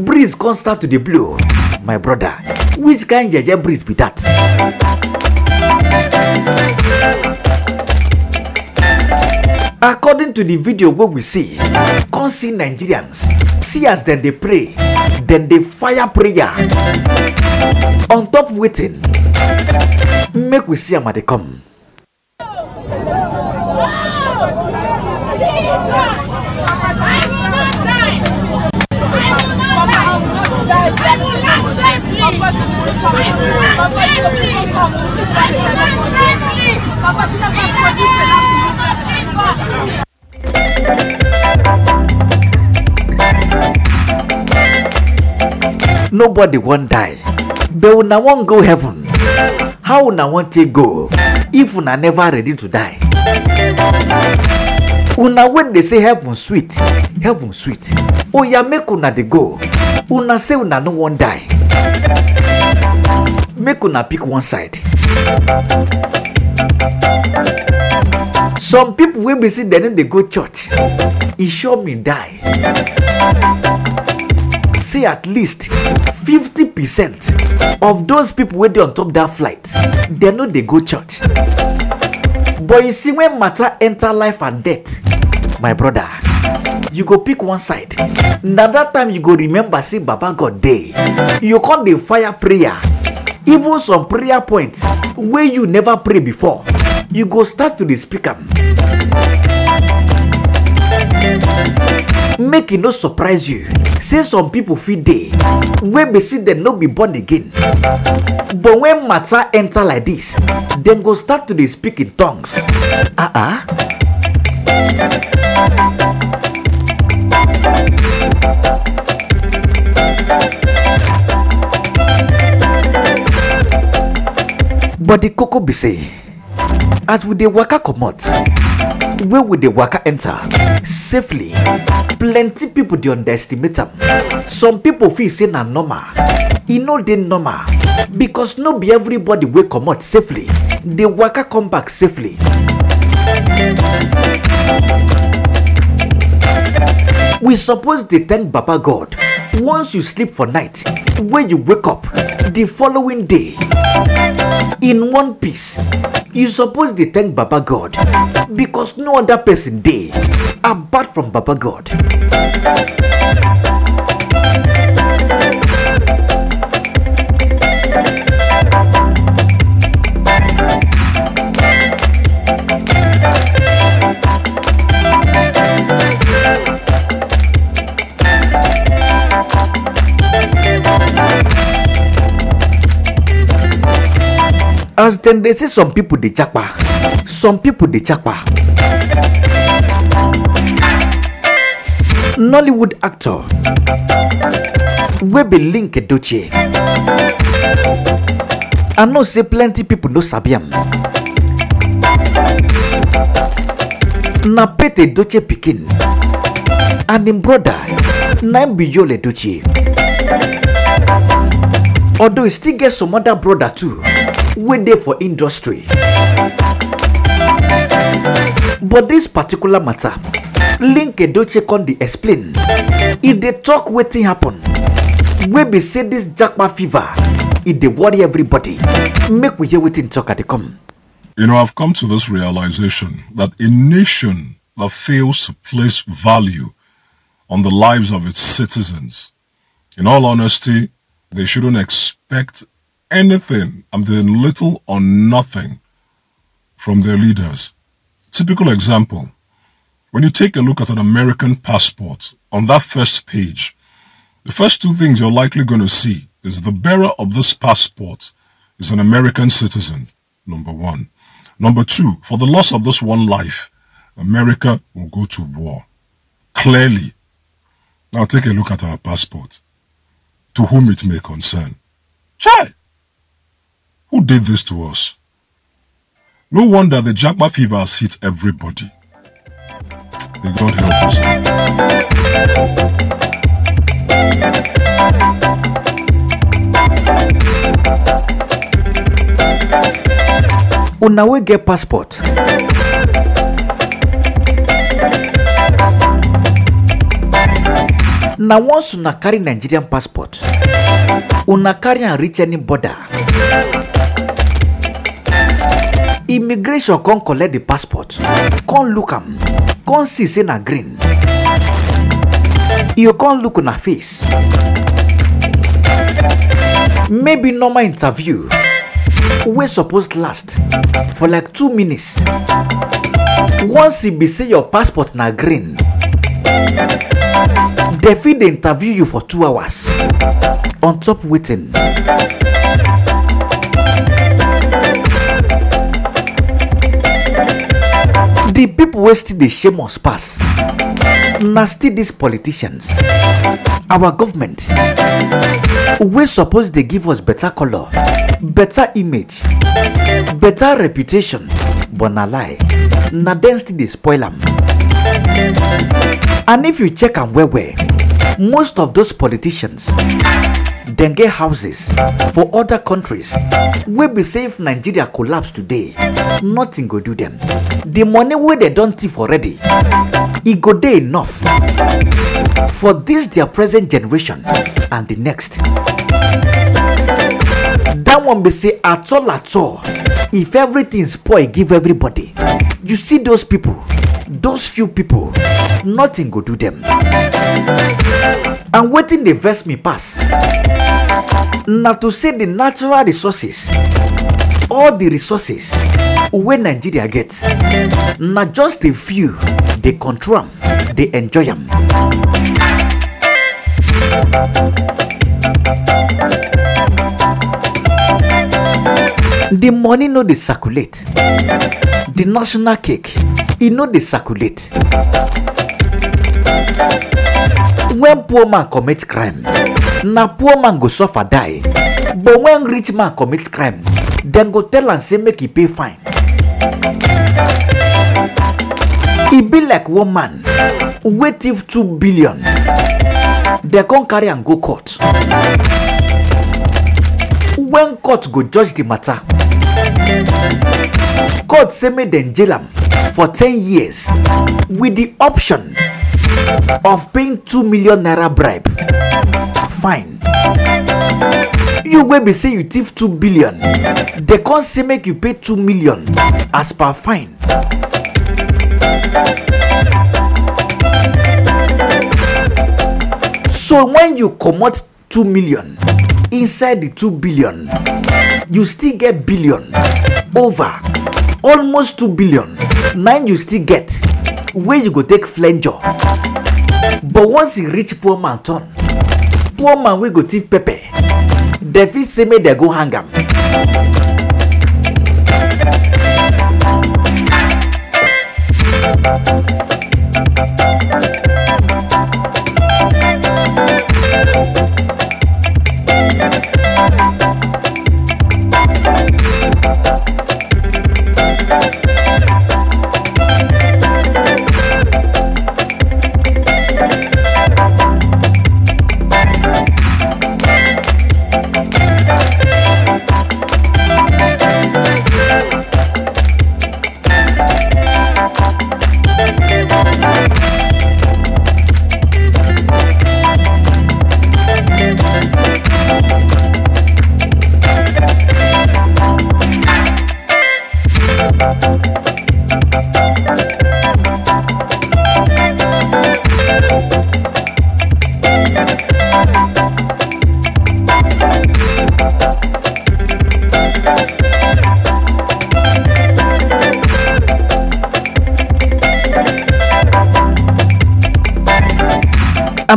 breeze come start to dey blow my brother which kind yeye breeze be that according to the video wey we see come see nigerians see as dem dey pray dem dey fire prayer on top wetin make we see am as dey come. Papa, you don't have to do this nobody wan die but una wan go heaven how una wan take go if una never ready to die una wey dey say heaven sweet heaven sweet oya oh make una dey go una say una no wan die make una pick one side some people wey be say dem no dey go church e sure me die say at least fifty percent of those people wey dey on top that flight dem no dey go church but you see when matter enter life and death my brother you go pick one side na that time you go remember say baba god dey you come dey fire prayer even some prayer points wey you never pray before you go start to dey speak am make e no surprise you say some pipo fit dey wey be say dem no be born again but when matter enter like this, dem go start to dey speak in tongues ah ah. but the koko be say as we dey waka comot where we dey waka enter safely plenty people dey underestimate am some people feel say na normal e no dey normal because no be everybody wey comot safely dey waka come back safely we suppose dey thank baba god once you sleep for night when you wake up the following day in one piece you suppose dey thank baba god because no other person dey apart from baba god. as dem dey say some pipo dey japa some pipo dey japa nollywood actor wey be link edochie i know say plenty pipo no sabi am na pete edochie pikin and im broda na im be yul edochie although e still get some oda broda too We're there for industry but this particular matter link edoche come the explain If they talk waiting happen We be say this japa fever If they worry everybody make we hear waiting talk at the come. you know i've come to this realization that a nation that fails to place value on the lives of its citizens in all honesty they shouldn't expect anything, I'm doing little or nothing from their leaders. Typical example when you take a look at an American passport, on that first page, the first two things you're likely going to see is the bearer of this passport is an American citizen, number one. Number two, for the loss of this one life, America will go to war. Clearly. Now take a look at our passport. To whom it may concern. Child, Who did this to us? No wonder the Japa fever has hit everybody. May God help us. Una get passport. na once una carry nigerian passport una carry am reach any border immigration come collect the passport come look am come see say na green you come look una face maybe normal interview wey suppose last for like two minutes once e be say your passport na green dem fit dey interview you for two hours on top waiting. The people wey still dey shame us pass na still dis politicians our government wey suppose dey give us better colour better image better reputation but na lie na dem still dey spoil am and if you check am well well most of those politicians denge houses for other countries We be say if nigeria collapse today nothing go do them. the money where they don't thief already It e go dey enough for this their present generation and the next that one be say at all at all if everything spoil give everybody you see those people those few people nothing go do them and wetin dey vex me pass na to say the natural resources all the resources wey nigeria get na just a few dey control am dey enjoy am. the money no dey circulate the national cake e no dey circulate when poor man commit crime na poor man go suffer die but when rich man commit crime dem go tell am say make e pay fine e be like one man wey thief two billion dem come carry am go court when court go judge the matter Court say make dem jail am for ten years with the option of paying two million naira bribe fine you wey be say you thief two billion dey come say make you pay two million as per fine so when you comot two million inside the two billion you still get billion over almost two billion nine you still get wey you go take flench but once e reach poor man turn poor man wey go thief pepper dem fit say make dem go hang am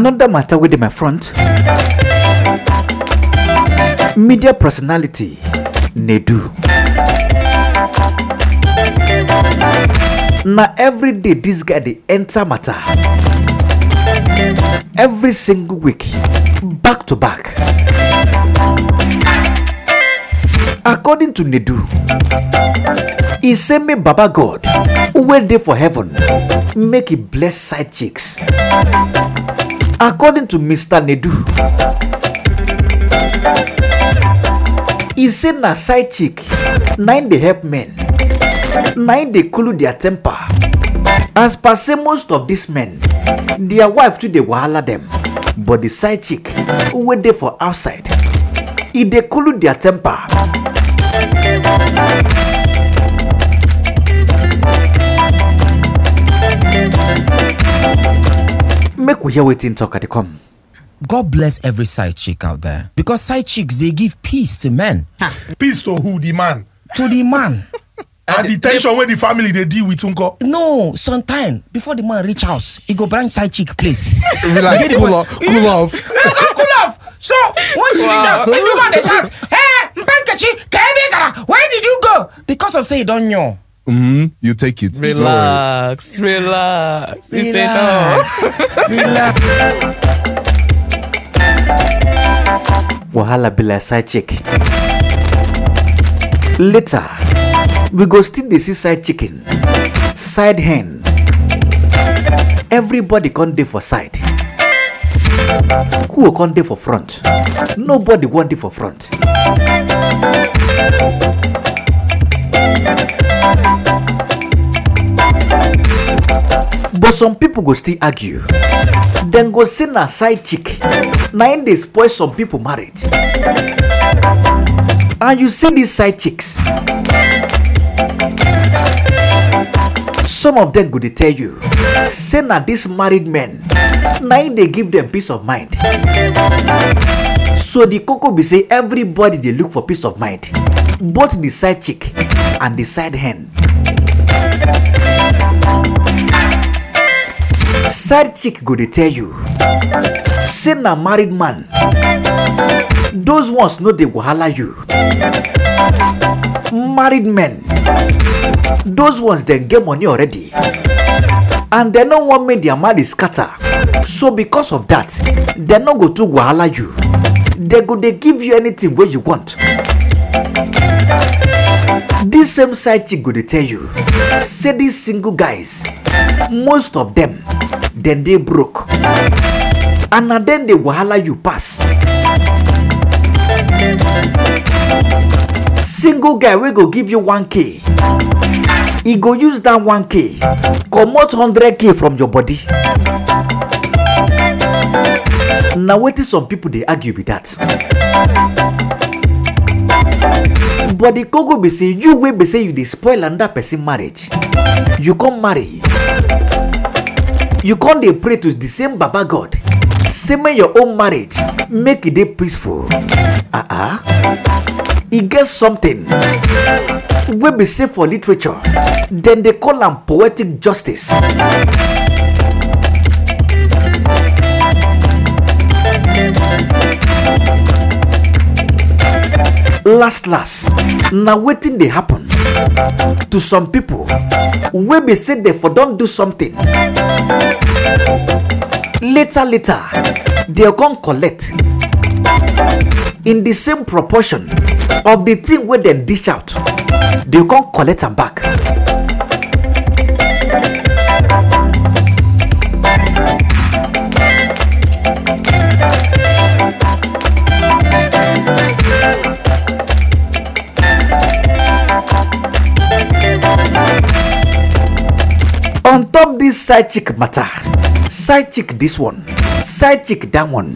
Another matter with my front. Media personality Nedu. Now every day this guy they enter matter. Every single week, back to back. According to Nedu, he say me Baba God, where they for heaven, make it bless side chicks. According to Mr. Nedu, he said na side chick nine dey help men, nine dey cool their temper. As per say most of these men, their wife too dey wahala them, but the side chick wey dey for outside, He they cool their temper. thank you make we hear wetin talk at the come. God bless every side chick out there because side chicks they give peace to men. Peace to who? The man. To the man. and the tension when the family they deal with unko. no sometime before the man reach house he go bring side chick place. relax cool off cool off. cool off so when wow. he reach house everyone dey shout hey mpankechi kebe where did you go because of say he don yawn. Mm, you take it. Relax, no. relax. Relax. relax. Wahala be like side chick. Later, we go still dey see side chicken, side hen. Everybody can't dey for side. Who come dey for front? Nobody want dey for front. but some people go still argue dem go say na side chick na im dey spoil some people marriage and you see these side chicks some of dem go dey tell you say na dis married men na im dey give dem peace of mind so di koko be say everybody dey look for peace of mind both di side chick and di side hen side chick go dey tell you say na married man those ones no dey wahala you married men those ones dem get money already and dem no wan make their marriage scatter so because of that dem no go too wahala you dem go dey give you anything wey you want this same side chick go dey tell you say these single guys most of them then they broke. And na then the wahala you pass. Single guy we go give you 1k, He go use that 1k comot 100k from your body. Now Na wetin some people they argue with that. But the kogo be say you wey be say you dey spoil another person marriage, you come marry you come dey pray to the same baba god say make your own marriage make e dey peaceful ah ah e get something wey be say for literature dem dey call am poetic justice. last last na wetin dey happen to some people wey be say dem for don do something later later dem come collect in the same proportion of the thing wey dem dish out dem come collect am back. this side chick matter side chick this one side chick that one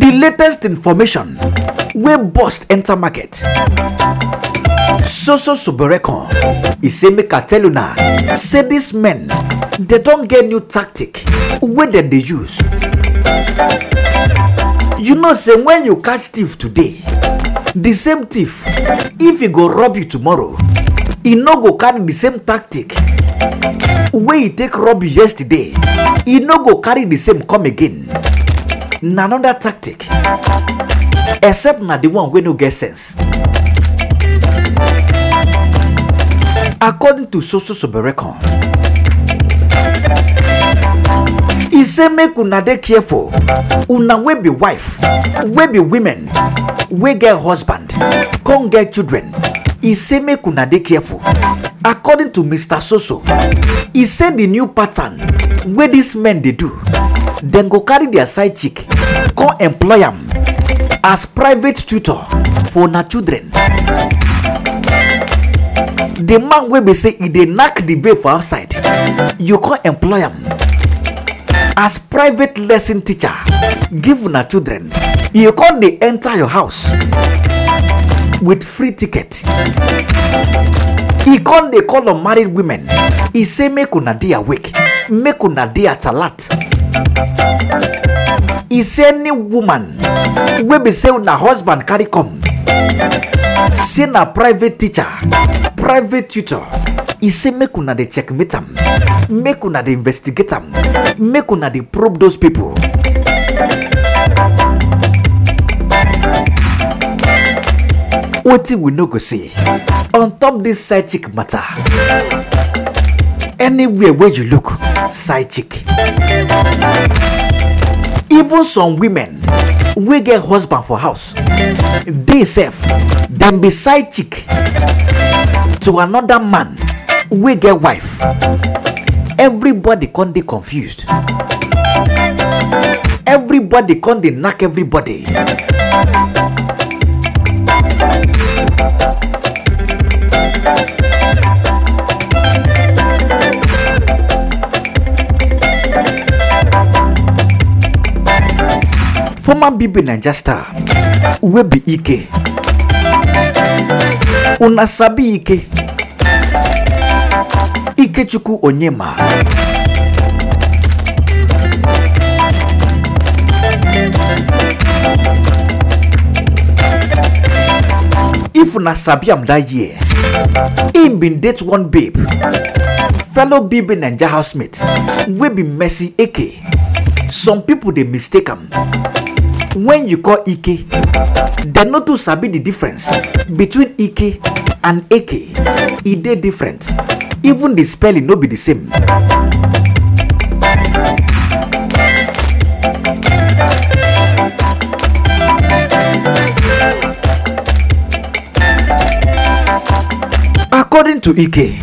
the latest information wey burst enter market soso soberekon e say make i tell una say dis men dey don get new tactic wey dem dey use you know say when you catch thief today the same thief if e go rob you tomorrow e no go carry the same tactic wey e take rob yesterday e no go carry the same come again na another tactic except na the one wey no get sense. according to soso soberekon e say make una dey careful una wey be wife wey be women wey get husband come get children He say make una dey careful. According to Mr. Soso, he say the new pattern wey these men dey do, dem go carry their side chick come employ am as private tutor for una children. The man wey be say e dey knack the babe for outside, you come employ am as private lesson teacher give una children. You come dey enter your house with free ticket he con the call on married women He say make una dey awake make una dey at alert He say any woman wey be say una husband carry come say na private teacher private tutor He say make una dey checkmate am make una dey investigate am make una dey probe those people. wetin we no go see on top dis side chick matter anywhere wey you look side chick even some women wey get husband for house dey sef dem be side chick to another man wey get wife everybody con dey confused everybody con dey knack everybody. former BB Niger star Webi Ike. Unasabi Ike. Ikechukwu Onyema. If na sabi am that year, im bin date one babe, fellow BB Naija housemate wey be Mercy Eke. Some pipo dey mistake am when you call ike dem not to sabi the difference between ike and eke It' dey different even the spelling no be the same. according to ike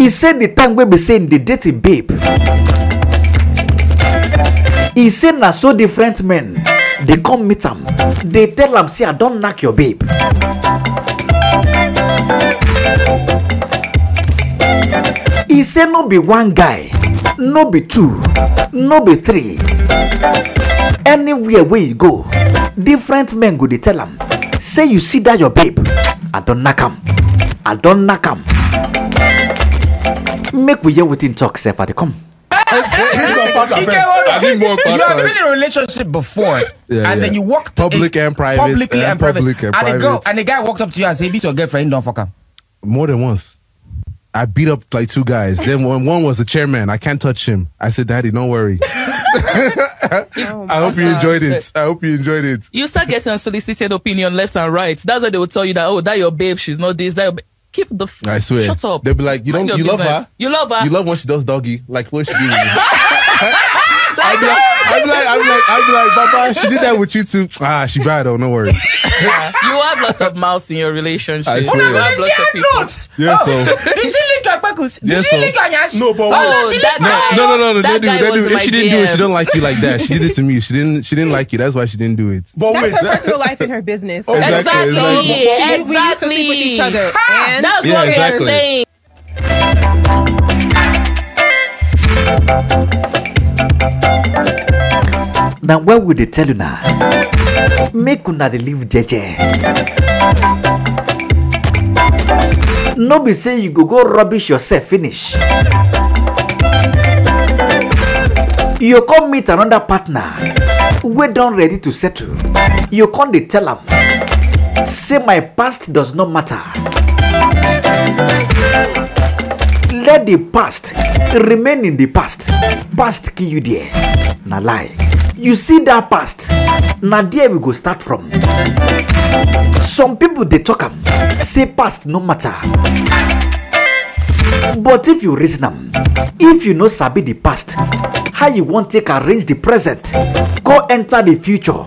he said the time wey be say the dating babe e say na so different men dey come meet am dey tell am say i don knack your babe. e say no be one guy no be two no be three anywhere wey you go different men go dey tell am say you see dat your babe i don knack am i don knack am make we hear wetin talk sef i dey come. you more You have been in a relationship before, yeah, and yeah. then you walked public and private, publicly and, and private, public and, and, private. Girl, and the guy walked up to you and said, "This your girlfriend, don't fuck her." More than once. I beat up like two guys. Then when one was the chairman. I can't touch him. I said, Daddy, don't worry. oh, I hope you enjoyed it. I hope you enjoyed it. You start getting unsolicited opinion left and right. That's why they will tell you that, oh, that your babe, she's not this, that keep the I swear. Shut up. They'll be like, you don't, you business. love her. You love her. You love when she does doggy. Like what she do. I'd be like, I'd be like, I'd be like, I'd like, Baba, she did that with you too. Ah, she bad though, no worries. Yeah. You have lots of mouths in your relationship. I swear. You have lots of people. Yeah, so. like Buckles? Did yes, she No, but oh, no, she that no, no, no, no, they do, they do. If she didn't do it, she don't like you like that. She did it to me. She didn't, she didn't like you. That's why she didn't do it. But that's wait, her personal life and her business. Oh, exactly, exactly. exactly. We used to sleep with each other. That's what they're saying. Now, where would they tell you now? make una dey live jeje. no be say you go go rubbish yourself finish you come meet another partner wey don ready to settle you come dey tell am say my past does not matter let the past remain in the past past kill you there na lie you see that past na there we go start from some people dey talk am say past no matter but if you reason am if you no sabi the past how you wan take arrange the present go enter the future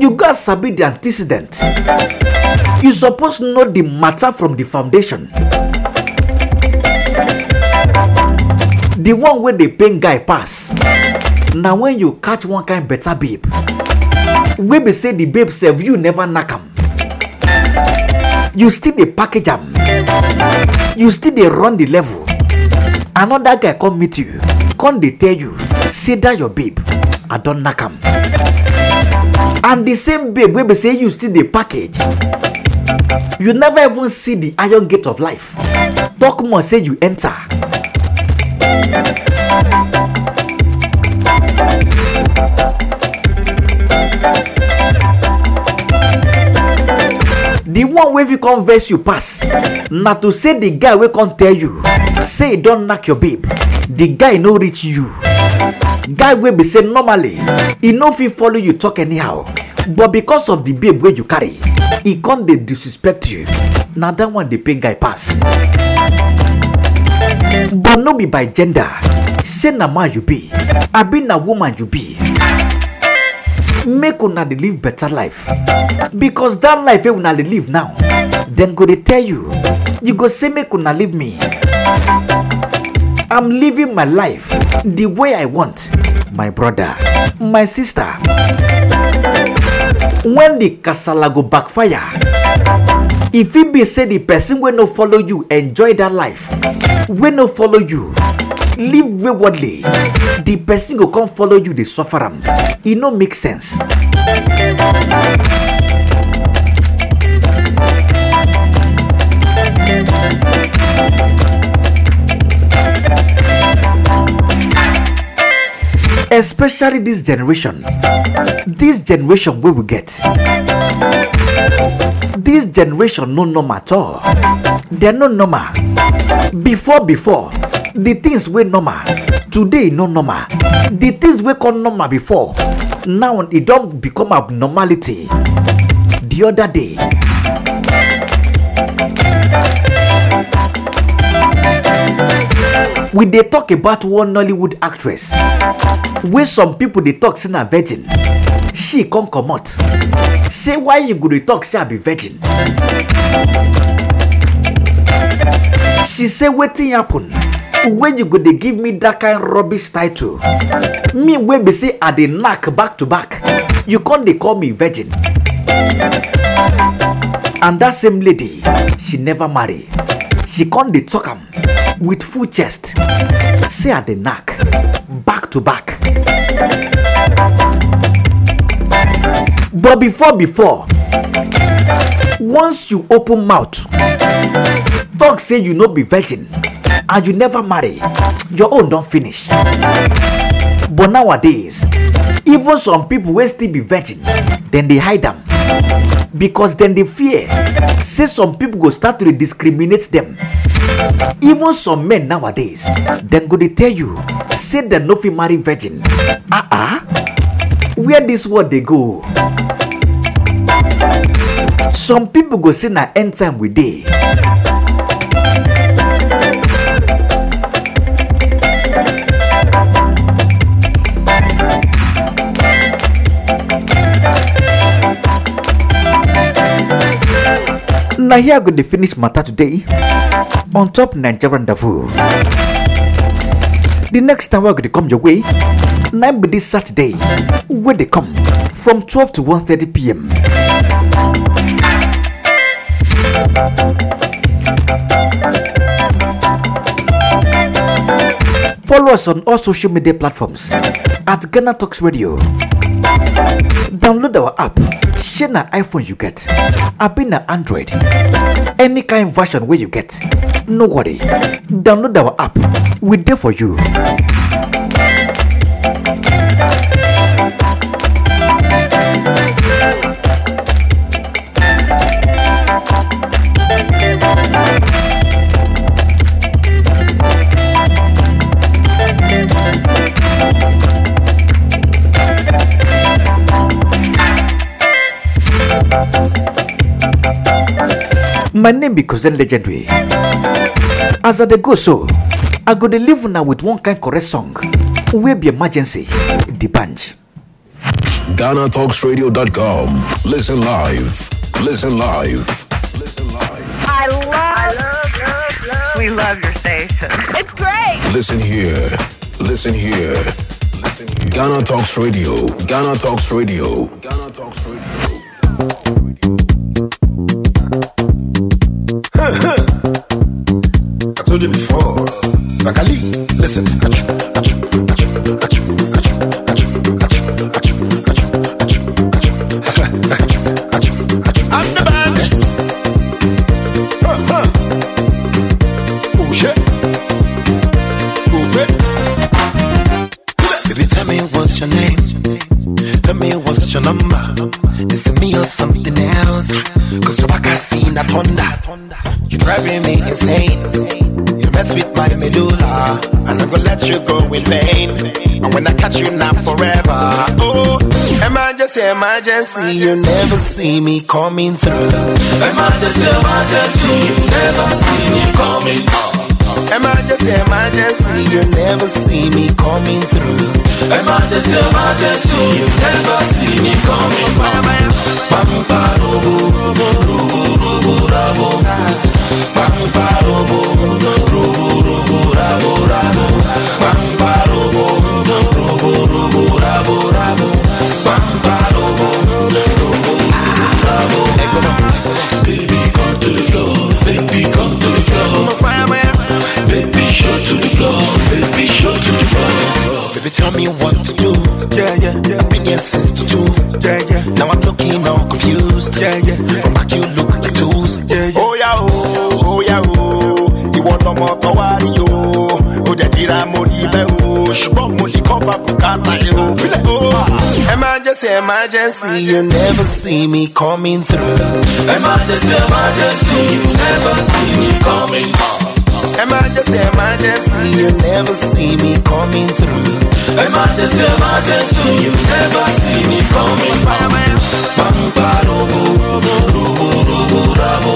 you gats sabi the antecedent you suppose know the matter from the foundation. the one wey dey pain guy pass na when you catch one kind better babe wey be say the babe sef you never knack am you still dey package am you still dey run the level another guy come meet you come dey tell you say that your babe i don knack am and the same babe wey be say you still dey package you never even see the iron gate of life talk more say you enter one wey fit come vex you pass na to say the guy wey come tell you say he don knack your babe the guy no reach you guy wey be say normally he no fit follow you talk anyhow but because of the babe wey you carry he come dey disrespect you na that one dey pain guy pass but no be by gender say na man you be abi na woman you be make una dey live better life because that life wey una dey live now dem go dey tell you you go say make una leave me i'm living my life the way i want my brother my sister when the kasala go backfire e fit be say the person wey no follow you enjoy that life wey no follow you live waywardly the person go come follow you dey suffer am e no make sense. especially this generation this generation wey we get this generation no normal at all dem no normal before before the things wey normal today no normal the things wey come normal before now e don become abnormality the other day. we dey talk about one nollywood actress wey some people dey talk say na virgin she come comot say why you go dey talk say i be virgin she say wetin happen When you go dey give me that kind rubbish title me wey be say i dey knack back to back you can't dey call me virgin and that same lady she never marry she can't dey talk am with full chest say at the knack back to back but before before once you open mouth talk say you no be virgin and you never marry your own don finish but nowadays even some people wey still be virgin dem dey hide am because dem dey fear say some people go start to dey discriminate dem even some men nowadays dem go dey tell you say dem no fit marry virgin ah ah where dis world dey go some people go say na end time we dey na here go dey finish matter today on top naija rendezvous the next time wey go dey come your way na be this saturday wey dey come from twelve to one thirty pm. Follow us on all social media platforms at Ghana Talks Radio. Download our app. Share na iPhone you get, abi na Android, any kind version where you get. No worry. Download our app. We there for you. my name be Cousin Legendary. As I go so, I go to live now with one kind correct song. Where be emergency? The bunch. GhanaTalksRadio.com. Listen live. Listen live. Listen live. I love, I love, love, love. We love your station. It's great. Listen here. Listen here. Listen here. Ghana Talks Radio. Ghana Talks Radio. Ghana Talks Radio. I told you before. Bakali, listen. Achoo, achoo, achoo, achoo, achoo, achoo, achoo, achoo, achoo, achoo, achoo, achoo, I'm the band. Huh, huh. Bouge. Move it. Baby, tell me what's your name. Tell me what's your number. Is it me or something else? Cause your back I seen that thunder driving me insane. You mess with my medulla, and I am going to let you go in vain. And when I catch you now forever, oh, emergency, emergency, you never see me coming through. Emergency, emergency, you never see me coming. through. Emergency, emergency, you never see me coming through. Emergency, emergency, you never see me coming. Bamba, rubu, rubu, rubu, rabu. Pampa Baby, tell me what to do. Yeah, yeah, yeah. Been here since to do. Yeah, yeah. Now I'm looking all confused. Yeah, yeah. yeah. emergency, emergency. You never see me coming through. Emergency, emergency. You never see me coming through. Emergency, emergency, you never see me coming through. Emergency, emergency, you never see me coming through. Bamba robo, robo robo rabo.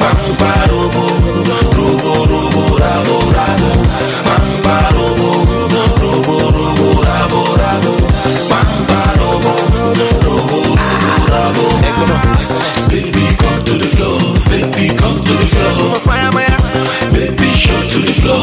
Bamba robo, robo robo rabo rabo. Bamba robo. floor,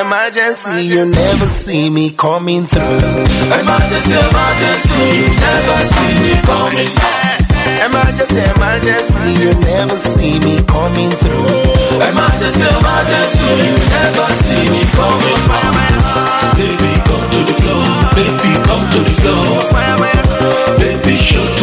emergency, you never see me coming through. Emergency, emergency, you never see me coming through. Emergency, emergency, you never see me coming through. Emergency, emergency, you never see me coming through. Baby, come to the floor. Baby, come to the floor. Baby, show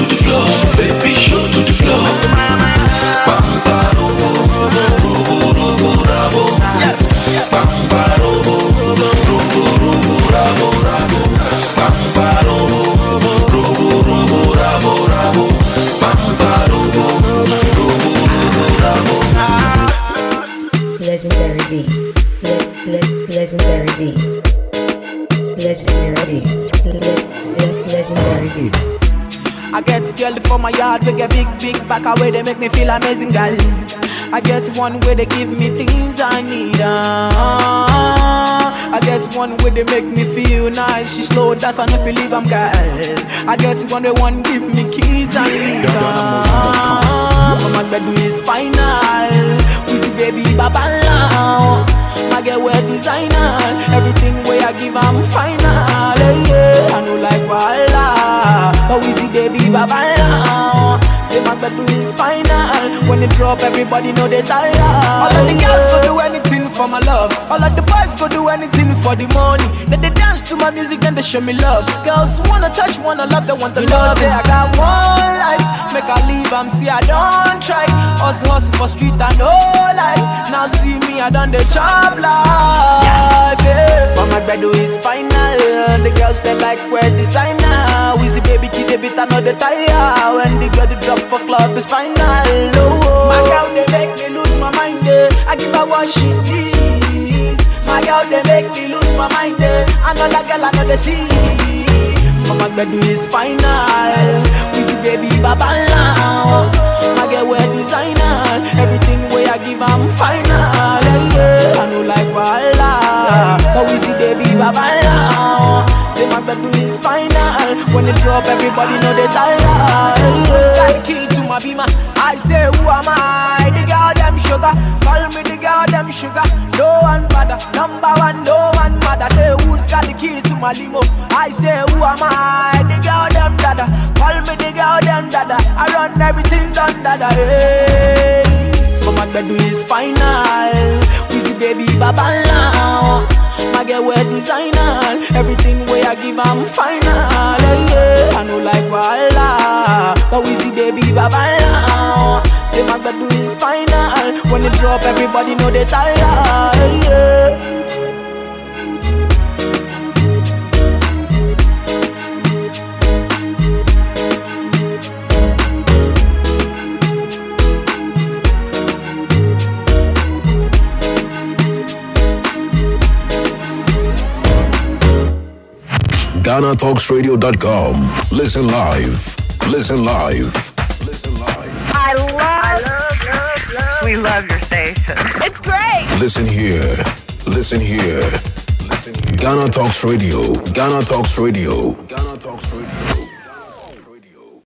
girl from my yard, they get big, big back away, they make me feel amazing, girl. I guess one way they give me things I need. Uh, I guess one way they make me feel nice. She slow, that's if to leave, I'm girl. I guess one way one give me keys I need. Uh, my bedroom is final. We see baby Baba now. I get well designer. Everything way I give, I'm final. Yeah, yeah. I know like Walla. But we see baby bye bye now. Say my do is final. When it drop, everybody know they tired. All of the girls go do anything for my love. All of the boys go do anything for the money. Then they dance to my music, then they show me love. Girls wanna touch, wanna love, they want the you love. say I got one life, make I leave, I'm see I don't try. Us hustle for street and no life. Now see me, I done the job life. Yeah. Yeah. But my do is final. The girls they like wear designer now. Easy baby, keep the beat, I tire. When the girl drop for club is final. Oh, oh. My girl, they make me lose my mind. Eh. I give her what she needs. My girl, they make me lose my mind. Eh. Another girl, another see. Mama Gbedu is final. Easy baby, baba now. My girl, we're designer. Everything way I give, I'm final. Yeah, yeah. I know like Walla. But we see baby, baba now. Say my Gbedu when it drop, everybody know they tired. The key to my beamer. I say, who am I? The girl them sugar. Call me the girl them sugar. No one bother. Number one, no one bother. Say, who's got the key to my limo? I say, who am I? The girl them dada. Call me the girl them dada. I run everything done dada. Hey. Come on, do is final. We the baby Baba now. My girl wear designer. Everything way I give, I'm final. Yeah, I know like Walla, but we see baby Baba now. Say my God do is final. When it drop, everybody know they tired. Yeah. DanaTalksRadio.com. Listen live. Listen live. Listen live. I love, love, love, We love your station. It's great. Listen here. Listen here. Listen here. Ghana Talks Radio. Ghana Talks Radio. Ghana Talks Radio.